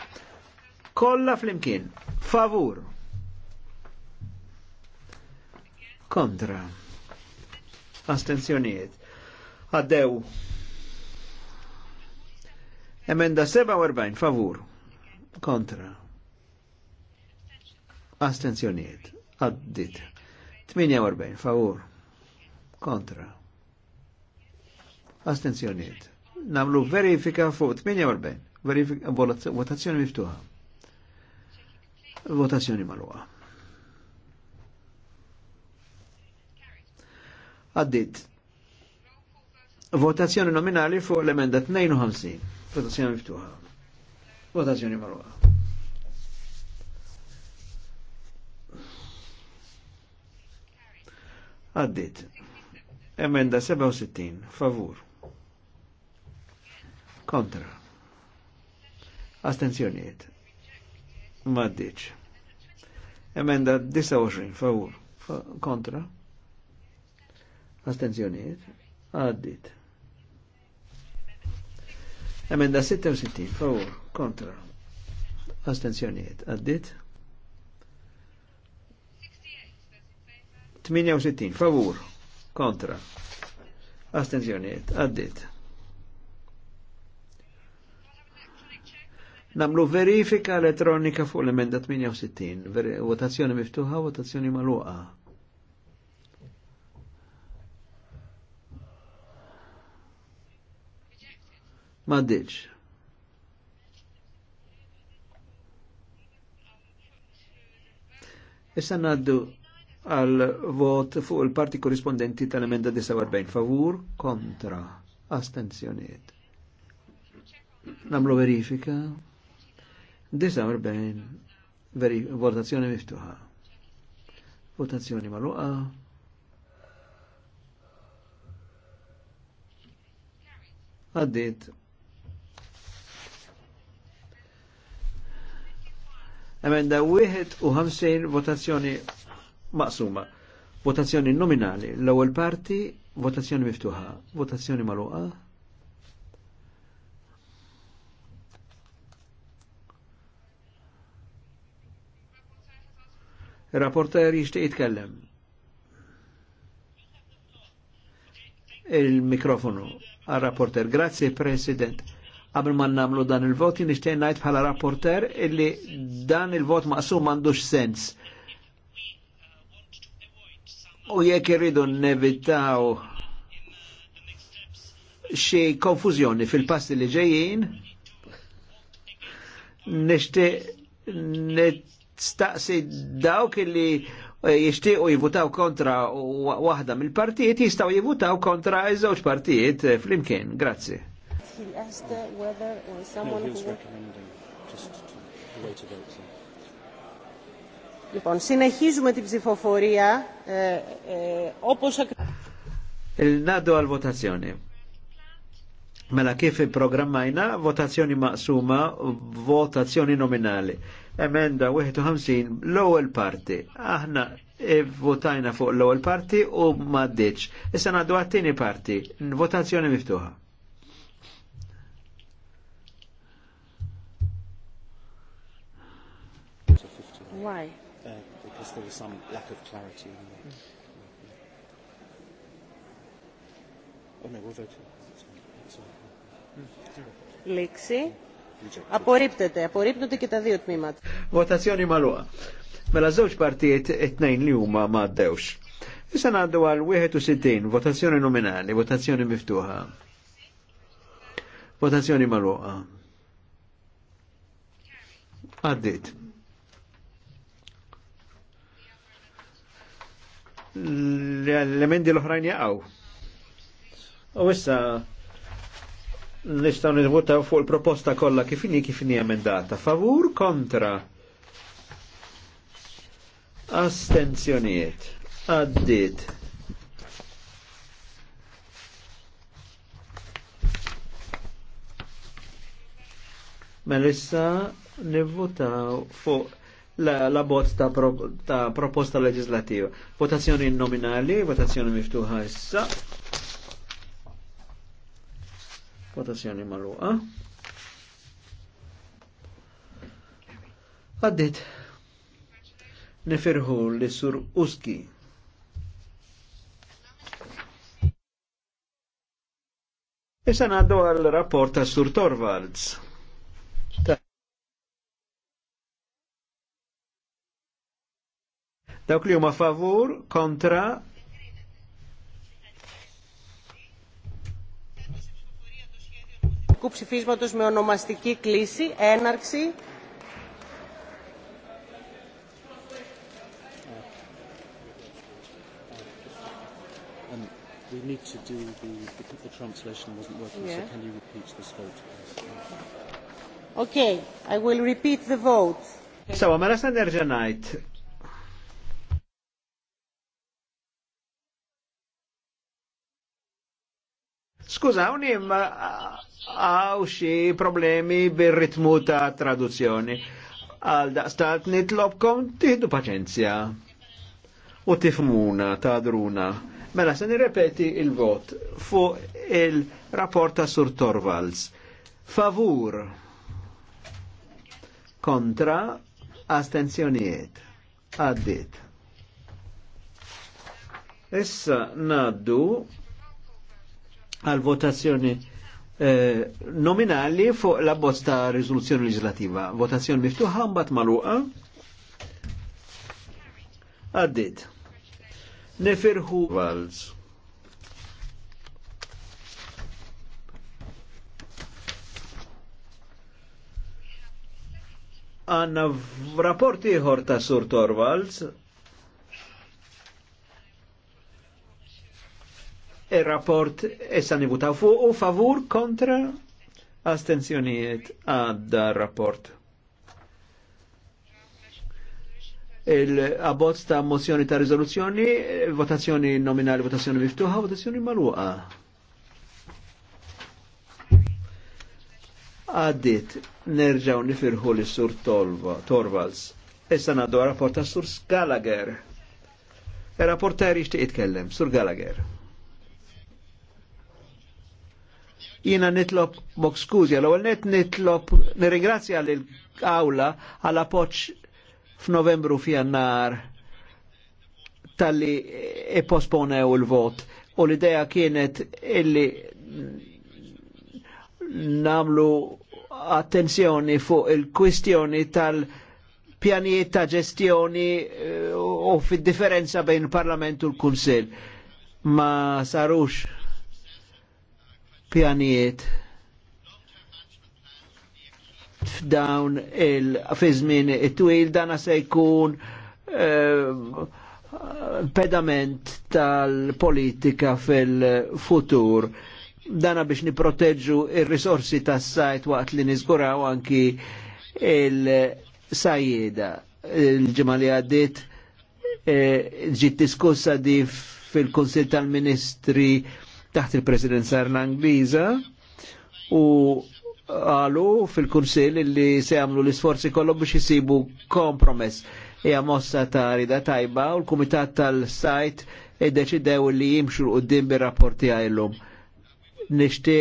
Speaker 3: Kolla flimkien. Favur. Kontra. Astenzjoniet. Addew. Emenda 47, favur. Kontra. Astenzjoniet. Addit. 48 favor, kontra astenzjoniet namlu verifika fuq 48 verifika votazzjoni miftuħa votazzjoni maluqa għaddit votazzjoni nominali fuq l-emenda 52 votazzjoni miftuħa votazzjoni maluqa Għaddit. Emenda 67, favur. Kontra. Astenzjoniet. Maddiċ. Emenda 29, favur. Fa kontra. Astenzjoniet. Għaddit. Emenda 66, favur. Kontra. Astenzjoniet. Għaddit. 68 favur kontra astenzjoniet għaddit Namlu verifika elettronika fuq l-emenda 68, votazzjoni miftuħa, votazzjoni maluqa. Maddiċ. Issa naddu għal vot fuq il-parti korrispondenti tal-emenda 49. Favur, kontra, astenzjoniet. Namlu verifika. 49, veri, votazzjoni miftuħa. Votazzjoni maluqa. Għaddit. Emenda 51 votazzjoni maqsuma. Votazzjoni nominali, l-ewwel parti, votazzjoni miftuħa, votazzjoni magħluqa. Il-rapporter jishtiq jitkellem. Il-mikrofonu għal-rapporter. Grazie, President. Qabel ma namlu dan il voti nishtiq najt bħala rapporter illi dan il-vot maqsum mandux sens u jekk irridu nevitaw xi konfużjoni fil-passi li ġejjin, nishti nistaqsi dawk li eh, u jivutaw kontra waħda mill-partijiet jistaw jivutaw kontra iż-żewġ partijiet eh, fl-imkien. Grazzi.
Speaker 1: He asked whether uh, someone no, he recommending just to wait a vote. Λοιπόν, συνεχίζουμε την ψηφοφορία ε, ε, όπως
Speaker 3: Il-nadu għal-votazzjoni. Mela kif il-programmajna, votazzjoni maqsuma, votazzjoni nominali. Emenda 51, l-ewwel parti. Aħna votajna fuq l-ewwel parti u m'għaddiċ. Issa ngħaddu għat-tieni parti, votazzjoni miftuħa.
Speaker 1: Why? because there was some lack of clarity in the. Mm. Oh no, Λήξη. Απορρίπτεται. Απορρίπτονται και τα δύο τμήματα. Votazzjoni
Speaker 3: maluqa. Mela żewġ partijiet it-tnejn li huma m'għaddewx. Issa għaddu σιτήν. Βοτασιόνι νομινάλι. Βοτασιόνι votazzjoni Βοτασιόνι Votazzjoni Αντίτ. Αντίτ. l-emendi l-oħrajn jaqaw. U issa nistaw nivvotaw fuq il-proposta kollha kifini kifini emendata. Favur kontra astenzjoniet għaddit. Melissa nivvotaw fuq la, la bozz ta, pro, ta' proposta legislativa. Votazzjoni nominali, votazzjoni miftuħa issa. Votazzjoni maluqa. Għaddit. Nifirħu li sur Uski. Issa għaddu għal rapport ta' Sur Torvalds. Dawk li huma favur kontra
Speaker 1: Ku ψηφίσματο με ονομαστική κλίση, έναρξη.
Speaker 3: Um, we need to do the, the, the translation wasn't working, yeah. so can you repeat this vote?
Speaker 1: Okay, I will repeat the vote. Sawa, mela
Speaker 3: sa nerġa' ngħid Skużawni, ma għaw xie problemi bil-ritmu ta' traduzzjoni. Għal daqstat nitlobkom tiħdu paċenzja u tifmuna ta' druna. Mela, se nirrepeti il-vot fu il rapporta Sur Torvalds. Favur kontra astenzjonijiet. Għaddit. Issa naddu għal votazzjoni eh, nominali fuq la bosta risoluzzjoni legislativa. Votazzjoni miftuħa mbagħad magħluqa. Għaddit. Nefirħu Valls. Għanna rapporti ħor ta' Sur Torvalds il-rapport issa nivutaw fuq u favur kontra astenzjonijiet għadda rapport. Il-abbozz ta' mozzjoni ta' rizoluzzjoni, votazzjoni nominali, votazzjoni miftuħa, votazzjoni maluqa. Għaddit, nerġaw nifirħu li sur tolva, Torvalds. Issa naddu rapport ta' sur Gallagher. Il-rapporter jishtiq jitkellem, sur Gallagher. Jiena nitlob bok skuzja l-ewwel net nitlob nirringrazzja lil awla għal appoġġ f'Novembru f'Jannar tal-li e-posponew il-vot u l-idea kienet illi namlu attenzjoni fuq il-kwistjoni tal-pjanijiet ta' ġestjoni eh, u fid-differenza bejn il-Parlament u l-Kunsill. Ma sarux pjanijiet f'dawn il-fizmin it-twil dana se jkun eh, pedament tal-politika fil-futur dana biex niproteġu il-risorsi tas sajt waqt li nizguraw anki il-sajjeda il-ġimma li għaddit eh, ġit diskussa di fil-Konsil tal-Ministri taħt il-presidenza Irlangliża u għalu fil-kunsil li se għamlu l-isforzi kollu biex jisibu kompromess. Ija mossa ta' rida tajba u l-Kumitat tal-Sajt iddeċidew li jimxu l-qoddim bir-rapporti għajlum. Nishti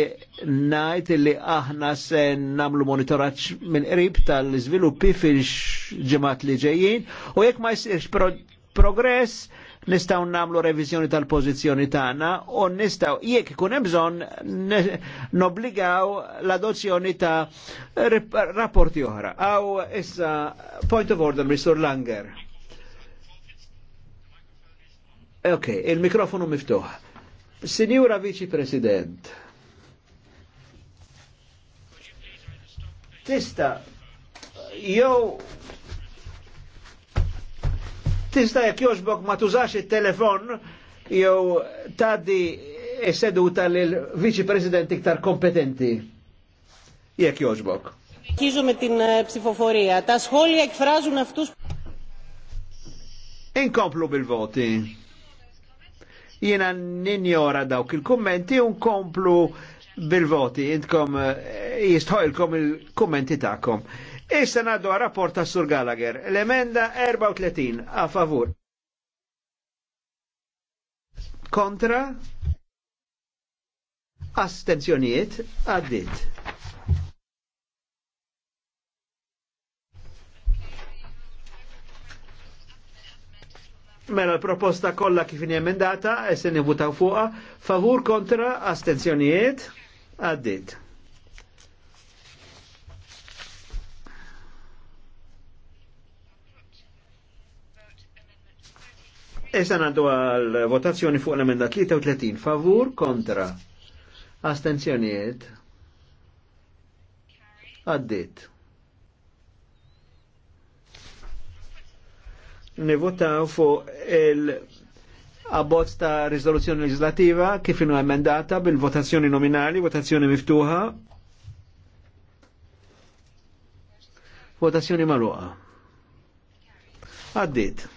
Speaker 3: najt li aħna se namlu monitoraċ minn qrib tal-izviluppi fil-ġemat li ġejjin u jekk ma jsirx progress, nistaw namlu revizjoni tal-pozizjoni tagħna u nistaw jekk ikun hemm bżonn nobligaw l-adozzjoni ta' rapporti oħra. Aw issa point of order Mr. Langer. Ok, il-mikrofonu miftuħ. Sinjura Vici President, tista jew Tista' jekk joġbok ma tużax it-telefon jew tgħaddi seduta lil viċi President iktar kompetenti. Jekk joġbok.
Speaker 1: Kizu me tin psifoforija, ta' sħolja jekk ekfrażu naftus.
Speaker 3: Inkomplu bil-voti. Jiena ninjora dawk il-kommenti u nkomplu bil-voti. Intkom eh, jistħolkom il-kommenti ta'kom. Issa naddu rapport ta' Sur Gallagher. L-emenda 34 a favur. Kontra. Astenzjonijiet għaddit. Mela l-proposta kollha kif inhi emendata, e se nivutaw fuqha, favur kontra astenzjonijiet għaddit. Issa għandu għal votazzjoni fuq l-emenda 33 favur kontra Astenzjoniet. għaddit. Nivotaw fuq il-abbozz ta' rizoluzzjoni legislativa kif inu emendata bil-votazzjoni nominali, votazzjoni miftuħa, votazzjoni maluqa. Għaddit.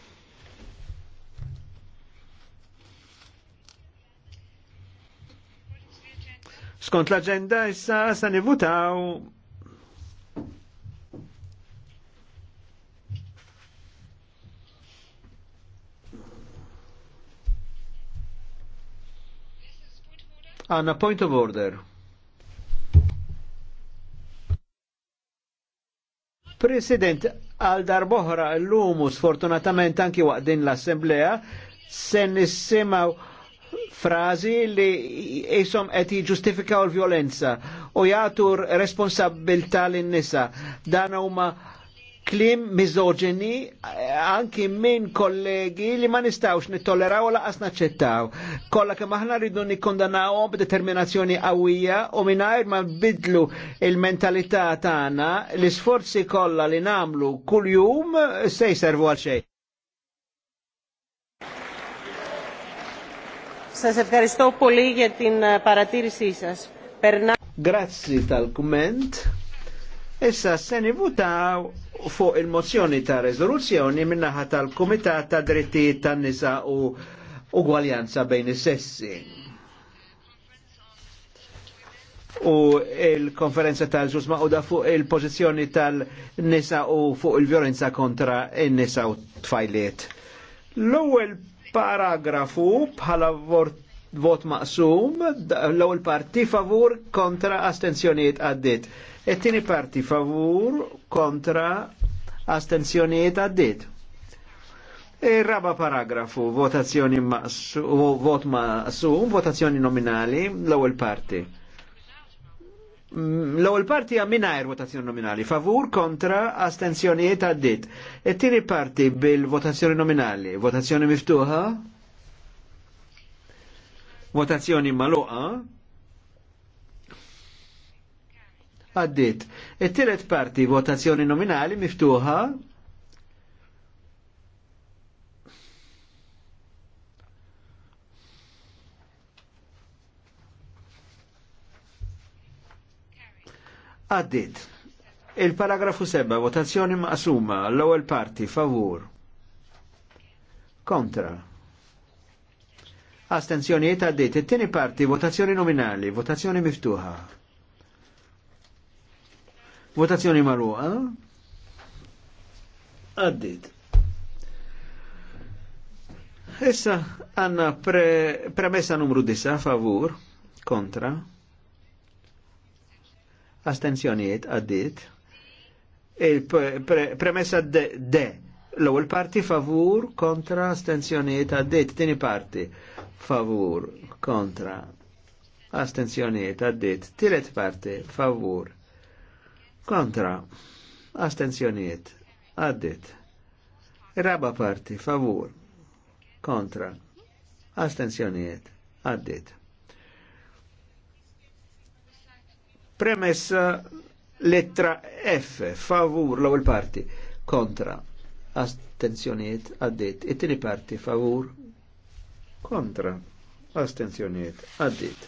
Speaker 3: Skont l-agenda issa sa nivutaw Għanna point of order. President, għal darboħra l-lumu sfortunatament anki waqdin din l-assemblea, sen nissimaw frazi li jisom qed jiġustifikaw l-violenza u jagħtu responsabilità lin-nisa. Dan huma klim mizoġeni anki minn kollegi li ma nistawx nittoleraw la qas naċċettaw. Kollha kemm aħna rridu nikkondanawhom b'determinazzjoni qawwija u mingħajr ma nbidlu il-mentalità tagħna l-isforzi kollha li nagħmlu kuljum se jservu għal xejn.
Speaker 1: Σας ευχαριστώ πολύ για την παρατήρησή σας. Περνά...
Speaker 3: Grazzi tal-kumment. Issa se seni votaw fuq il-mozzjoni ta' rezoluzzjoni minnaħa tal-Kumitat ta' Dritti tan nisa u Ugwaljanza bejn is-sessi. U il-konferenza tal-ġus maqda fuq il-pożizzjoni tal-nisa u fuq il-vjolenza kontra in-nisa u tfajliet. L-ewwel paragrafu bħala vot maqsum, l-ewwel parti favur kontra astenzjonijiet għaddit. It-tieni parti favur kontra astenzjonijiet għaddit. Ir-raba paragrafu, votazzjoni maqsum, vot maqsum, votazzjoni nominali, l-ewwel parti. L-ewwel parti hija mingħajr votazzjoni nominali, favur kontra astenzjonijiet għaddit. It-tieni parti bil-votazzjoni nominali, votazzjoni miftuħa, votazzjoni maluqa, għaddit. It-tielet parti votazzjoni nominali miftuħa, Għaddit. Il-paragrafu 7, votazzjoni maqsuma, l-ewwel parti, favur. Kontra. Astenzjonijiet għaddit. It-tieni parti, votazzjoni nominali, votazzjoni miftuħa. Votazzjoni marruqa. Għaddit. Issa għanna pre, premessa numru 9 favur, kontra, astenzjoniet għaddit. Il-premessa pre D, l-ewwel parti favur kontra astenzjoniet għaddit, tini parti favur kontra astenzjoniet għaddit, tiret parti favur kontra astenzjoniet għaddit. Raba parti favur kontra astenzjoniet għaddit. Premessa lettra F, favur l-ewwel parti, kontra, astenzjoniet għaddit. It-tieni parti favur, kontra, astenzjoniet għaddit.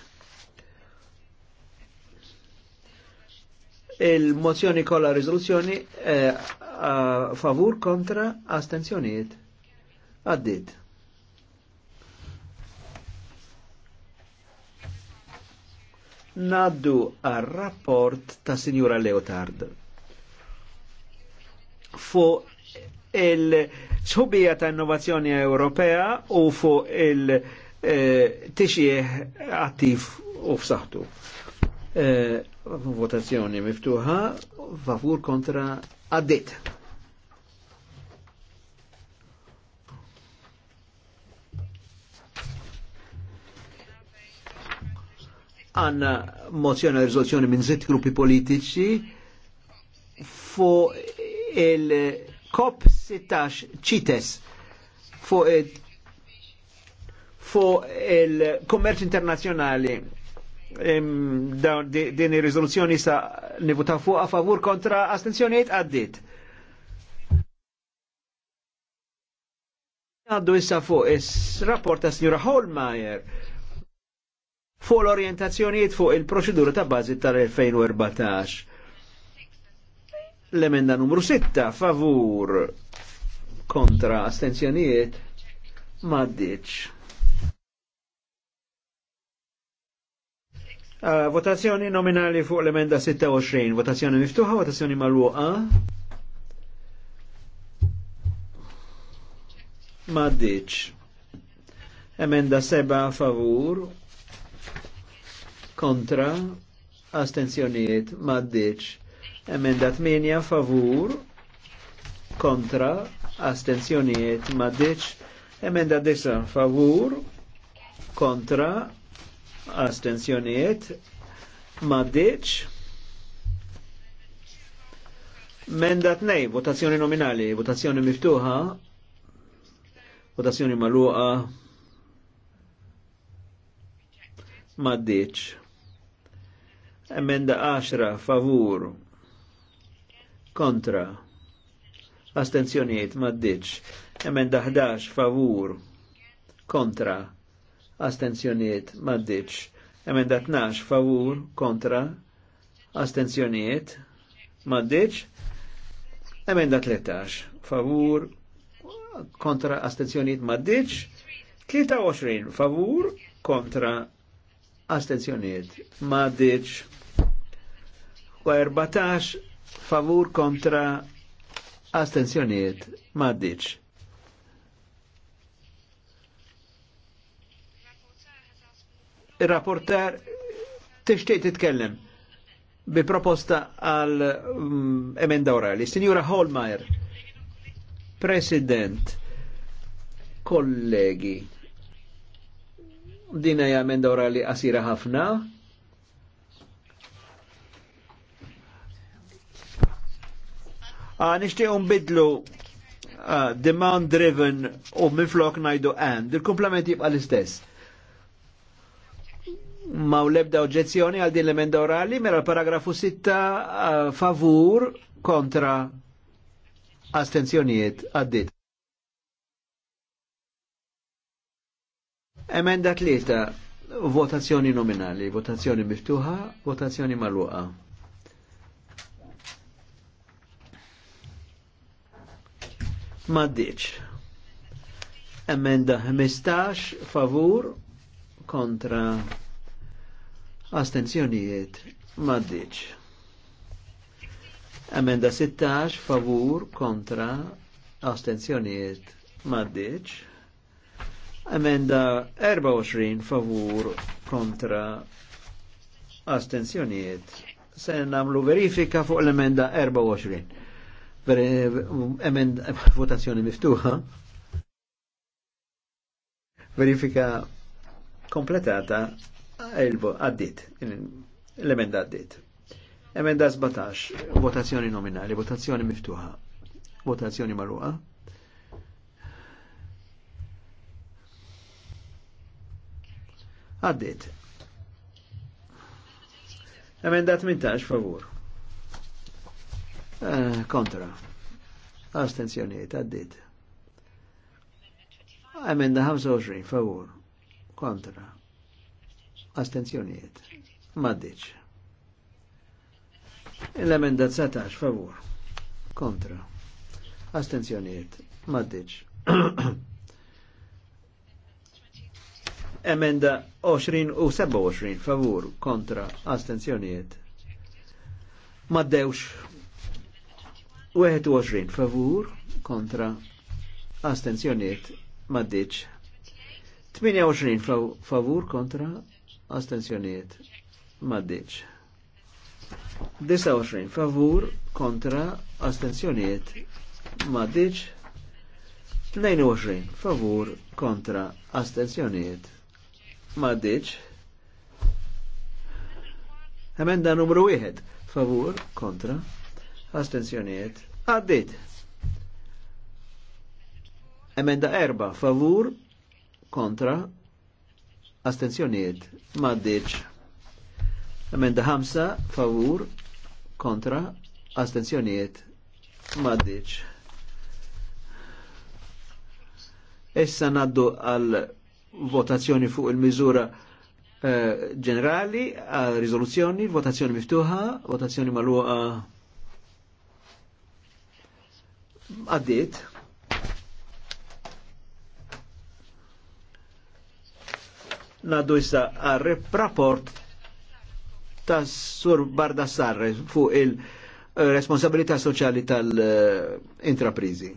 Speaker 3: Il-mozzjoni kolla riżoluzzjoni eh, favur kontra astenzjoniet għaddit. naddu għal rapport ta' Signora Leotard. Fu il-sħubija ta' innovazzjoni Ewropea u fu il eh, tixieħ attiv u f'saħtu. Eh, votazzjoni miftuħa, favur kontra għaddit. għanna mozzjoni rizoluzzjoni minn zitt gruppi politiċi fu il-COP16 CITES fu fu il-kommerċ internazjonali din il riżoluzzjoni sa nivuta fu a favur kontra astenzjonijiet għaddit. Għaddu issa fu is-rapport ta' Signora Holmeyer fuq l orientazzjoniet fuq il-proċedura ta' bażi tal-2014. L-emenda numru 6 favur kontra astenzjonijiet maddiċ. Uh, votazzjoni nominali fuq l-emenda 26, votazzjoni miftuħa, votazzjoni maluqa. Maddiċ. Emenda 7 favur, kontra astenzjonijiet maddiċ. Emenda 8 favur kontra astenzjonijiet maddiċ. Emenda 10, favur kontra astenzjonijiet maddiċ. Menda 2, votazzjoni nominali, votazzjoni miftuħa, votazzjoni maluqa, maddiċ. Emenda 10 favur kontra astenzjoniet ma ddiċ Emenda 11 favur kontra astenzjoniet ma ddiċ Emenda 12 favur kontra astenzjoniet ma ddiċ Emenda 13 favur kontra astenzjoniet ma ddiċ 23 favur kontra astenzjoniet ma diċ u 14 favur kontra astenzjoniet ma diċ il-rapporter tixtieq titkellem bi proposta għal mm, emenda orali. Signora Holmeyer, President, kollegi, Dina hija emenda orali qasira ħafna. Ah, nixtieq nbidlu uh, demand driven u minflok ngħidu and. Il-komplement jibqa' l-istess. Ma u lebda oġġezzjoni għal din l-emenda orali mela l-paragrafu 6 uh, ah, favur kontra astenzjonijiet għaddit. Emenda tlieta, votazzjoni nominali, votazzjoni miftuħa, votazzjoni maluqa. Maddiċ. Emenda 15, favur, kontra astenzjonijiet, maddiċ. Emenda 16, favur, kontra astenzjonijiet, maddiċ. Emenda 24 favur kontra astenzjoniet. Se namlu verifika fuq l-emenda 24. emenda votazzjoni miftuħa. Verifika kompletata għaddit. L-emenda għaddit. Emenda 17. Votazzjoni nominali, votazzjoni miftuħa. Votazzjoni marruqa. Għaddit. Emendat taċ, favur. Eh, kontra. Astenzjoniet, għaddit. Emenda 25 favur. Kontra. Astenzjoniet. Maddiċ. L-emenda 19 favur. Kontra. Astenzjoniet. Maddiċ. Emenda 20 u 27 favur kontra astenzjoniet. Maddewx 21 favur kontra astenzjoniet maddiċ. 28 favur kontra astenzjoniet maddiċ. 29 favur kontra astenzjoniet maddiċ. 22 favur kontra astenzjoniet maddiċ. Emenda numru wieħed. favur, kontra, astenzjoniet, għaddit. Emenda erba. favur, kontra, astenzjoniet, maddiċ. Emenda hamsa. favur, kontra, astenzjoniet, maddiċ. Issa naddu għal votazzjoni fuq il-miżura eh, ġenerali għal votazzjoni miftuħa, votazzjoni magħluqa għaddit. Naddu issa għal rapport ta' Sur Barda Sarre fuq il-responsabilità soċjali tal-intraprizi.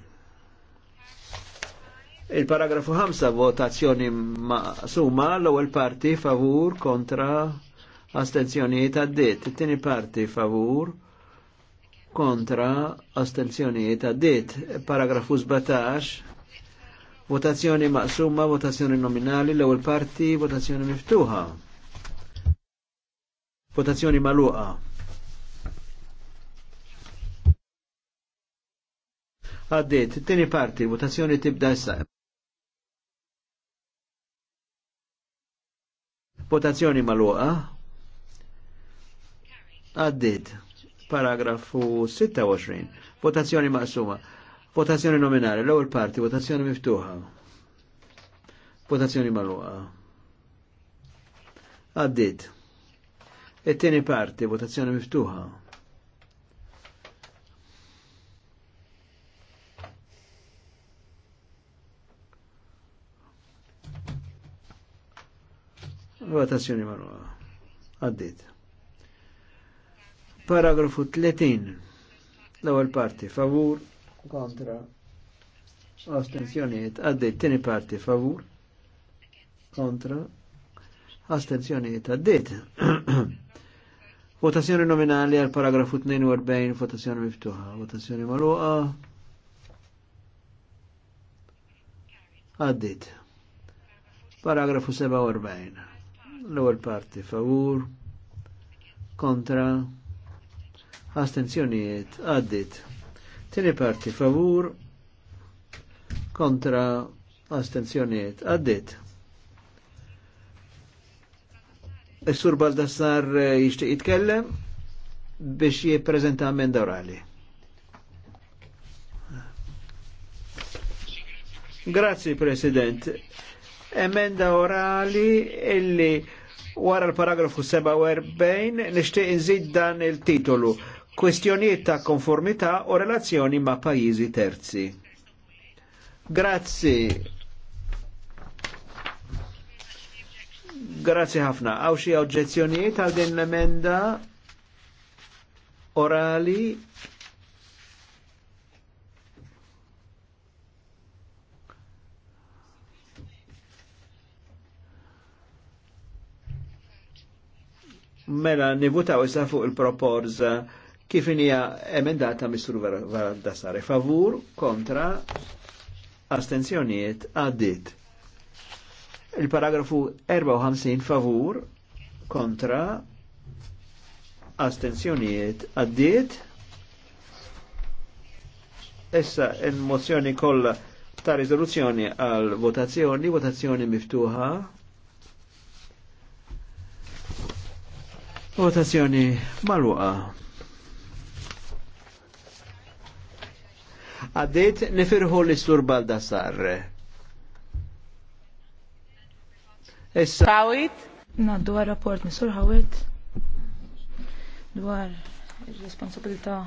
Speaker 3: Il-paragrafu 5 votazzjoni maqsuma l-ewwel parti favur kontra astenzjonijiet għaddiet, it-tieni parti favur kontra astenzjonijiet għaddiet. Paragrafu 17 votazzjoni maqsuma, votazzjoni nominali, l-ewwel parti, votazzjoni miftuħa. Votazzjoni maluqa. Għaddiet, it-tieni parti, votazzjoni tibda issa. Votazzjoni maluqa. Għaddit. Paragrafu 26. Votazzjoni maqsuma. Votazzjoni nominali. L-ewwel parti, votazzjoni miftuħa. Votazzjoni maluqa. Għaddit. it tieni parti, votazzjoni miftuħa. Votazzjoni marwa. Għaddit. Paragrafu 30. L-ewwel parti favur kontra astenzjonijiet. Għaddit tieni parti favur kontra astenzjonijiet. Għaddit. Votazzjoni nominali għal paragrafu 42, votazzjoni miftuħa. Votazzjoni marwa. Għaddit. Paragrafu 47 l-ewwel parti favur kontra astenzjonijiet għaddit. Tieni parti favur kontra astenzjonijiet għaddit. Is-sur Baldassar eh, jixtieq jitkellem biex jippreżenta amenda orali. Grazzi President. Emenda orali illi Wara l-paragrafu 47 nixtieq inżid dan il-titolu Kwestjonijiet ta' konformità u relazzjoni ma' pajjiżi terzi. Grazzi. Grazzi ħafna. Għaw xi oġġezzjonijiet għal din l-emenda orali Mela nivutaw issa fuq il-proporza kif hija emendata Mistru Valdasare. Favur, kontra, astenzjoniet, għaddit. Il-paragrafu 54 favur, kontra, astenzjoniet, għaddit. Essa il-mozzjoni kollha ta' rizoluzzjoni għal votazzjoni, votazzjoni miftuħa. Votazzjoni maluqa. Għaddejt nifirħu l-istur balda sarre. Issa.
Speaker 4: Għawit? Na, dwar rapport nisur għawit. dwar il-responsabilità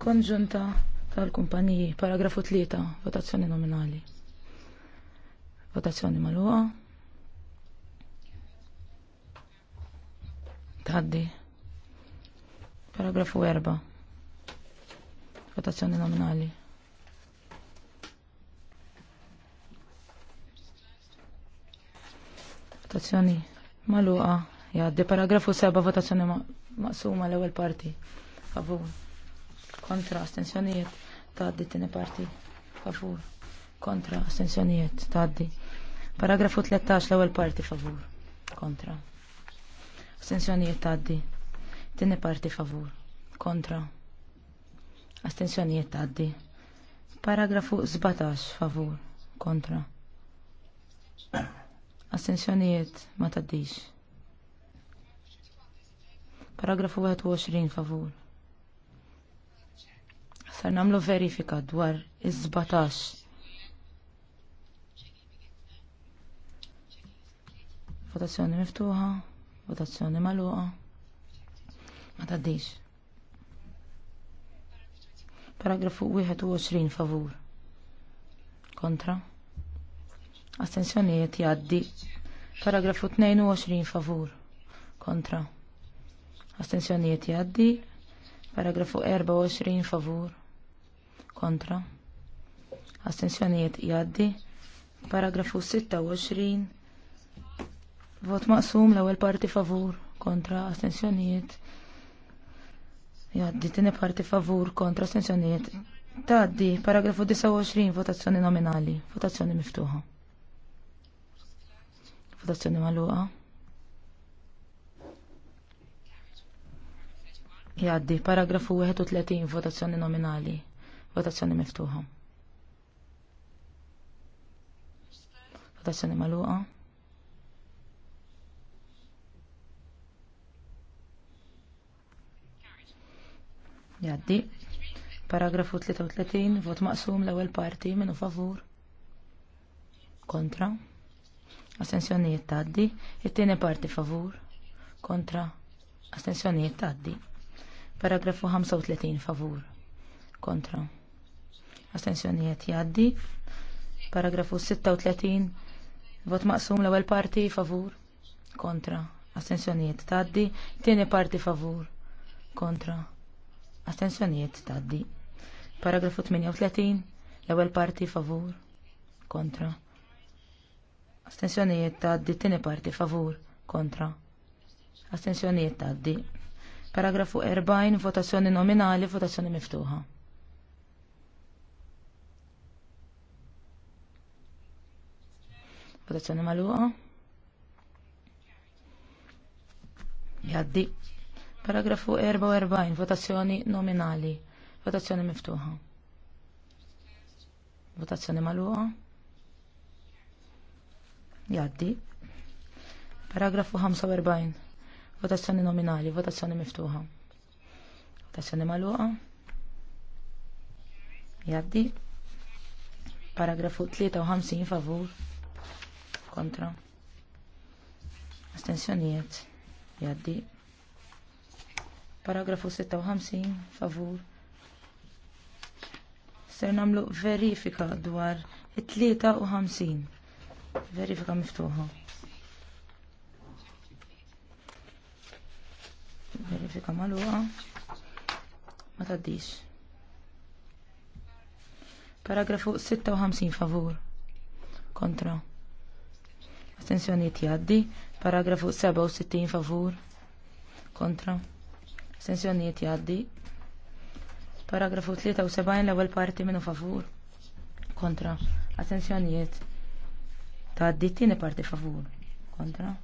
Speaker 4: konġunta tal-kumpaniji, paragrafu 3, votazzjoni nominali. Votazzjoni maluqa. Taddi. Paragrafu 4. Votazzjoni nominali. Votazzjoni maluqa. Jaddi paragrafu 7 votazzjoni maqsuma l-ewwel parti. Favur. Kontra astensjonijiet. Taddi t-tini parti. Favur. Kontra astensjonijiet. Taddi. Paragrafu 13 l-ewwel parti favur. Kontra. Astensjonijiet taddi. Tieni parti favur. Kontra. Astensjonijiet taddi. Paragrafu 17 favur. Kontra. Astensjonijiet ma taddix. Paragrafu 21 favur. Sar namlu verifika dwar iż-17. Votazzjoni miftuħa. Votazzjoni maluqa. Ma taddix. Paragrafu 21 favur. Kontra. Astensjonijiet jaddi. Paragrafu 22 favur. Kontra. Astensjonijiet jaddi. Paragrafu 24 favur. Kontra. Astensjonijiet jaddi. Paragrafu 26 Vot maqsum l-ewwel parti favur kontra astensjonijiet. Jaddi tieni parti favur kontra astensjonijiet. Taddi, paragrafu 29, votazzjoni nominali, votazzjoni miftuħa. Votazzjoni magħluqa. Jaddi, paragrafu 31, votazzjoni nominali, votazzjoni miftuħa. Votazzjoni magħluqa. Jaddi. Paragrafu 33, vot maqsum l-ewwel parti minnu favur. Kontra. Astensjonijiet taddi. It-tieni parti favur. Kontra. Astensjonijiet taddi. Paragrafu 35 favur. Kontra. Astensjonijiet jaddi. Paragrafu 36, vot maqsum l-ewwel parti favur. Kontra. Astensjonijiet taddi. Tieni parti favur. Kontra ta' di. Paragrafu 38, l-ewwel parti favur, kontra. Astensjonijiet taddi, tieni parti favur, kontra. ta' di. Paragrafu 40, votazzjoni nominali, votazzjoni miftuħa. Votazzjoni maluqa. Jaddi. Paragrafu 44, votazzjoni nominali. Votazzjoni miftuħa. Votazzjoni maluqa. Jaddi. Paragrafu 45. Votazzjoni nominali, votazzjoni miftuħa. Votazzjoni maluqa. Jaddi. Paragrafu 53 favur. Kontra. Astensjonijiet. Jaddi. Paragrafu 56, favur. Ser namlu verifika dwar it-53. Verifika miftuħa. Verifika maluqa. Ma taddix. Paragrafu 56, favur. Kontra. Attenzjoni tjaddi. Paragrafu 67, favur. Kontra. Astensjonijiet jgħaddi. Paragrafu 73 l-ewwel parti minnu favur. Kontra. Astensjonijiet. Tgħaddi t-tieni parti favur. Kontra.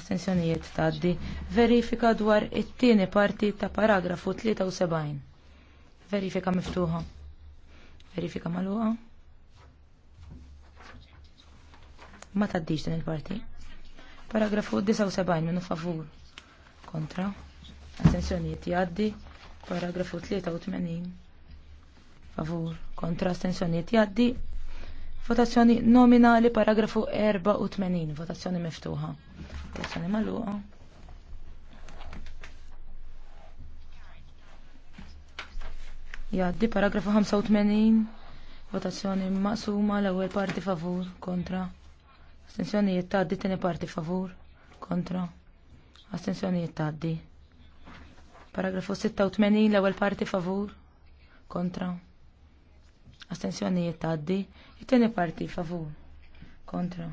Speaker 4: Astensjonijiet tgħaddi. Verifika dwar it-tieni parti ta' paragrafu 73. Verifika miftuħa. Verifika magħluqa. Ma tgħaddix din il-parti. Paragrafu 79 minnu favur. Kontra astensjonijiet jgħaddi, paragrafu 83 favur kontra astensjonijiet jgħaddi, votazzjoni nominali paragrafu 84, votazzjoni miftuħa, votazzjoni magħluqa. Jgħaddi paragrafu 85, votazzjoni maqsuma l-ewwel parti favur kontra. Astensjonijiet tgħaddi tieni parti favur kontra. Astensjonijiet tgħaddi. Paragrafu 86 l-ewwel parti favur kontra. Astensjonijiet tgħaddi. It-tieni parti favur kontra.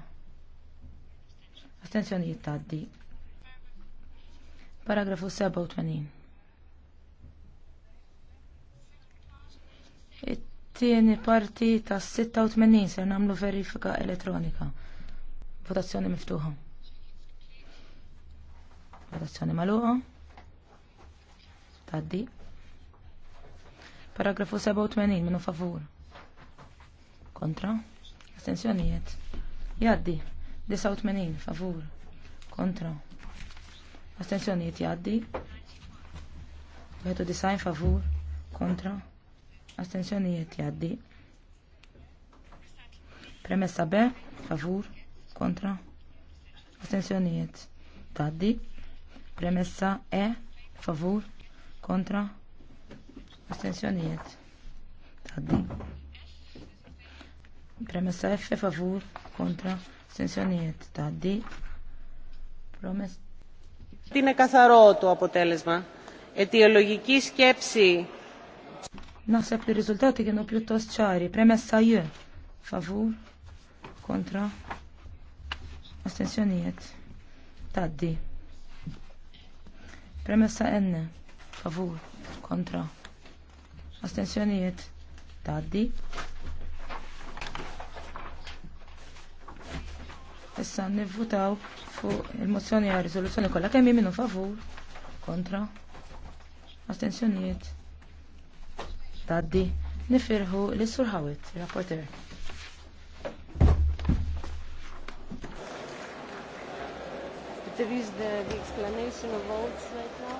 Speaker 4: Astensjonijiet tgħaddi. Paragrafu 87. It-tieni parti ta' 86 ser nagħmlu verifika elettronika. Votazzjoni miftuħa. Votazzjoni magħluqa taddi. Paragrafu 87 minu favur. Kontra. Astensjonijiet. Jaddi. 89 favur. Kontra. Astensjonijiet jaddi. 91 favur. Kontra. Astensjonijiet jaddi. Premessa B. Favur. Kontra. Astensjonijiet taddi. Premessa E. Favur kontra astensjonijiet taddi premessa F favur kontra astensjonijiet taddi promess
Speaker 1: Είναι καθαρό το αποτέλεσμα. Αιτιολογική σκέψη.
Speaker 4: Naħseb li riżultati kienu pjuttost ċari. Premessa je. Favur. Kontra. Astensjonijiet. Taddi. Premessa N favur kontra Astenzjonijiet taddi issa nivvutaw fuq il-mozzjoni għal riżoluzzjoni kollha kemm minnu favur kontra Astenzjonijiet, taddi nifirħu lis sur Hawit, rapporter.
Speaker 1: There is the, the explanation of votes right
Speaker 4: now.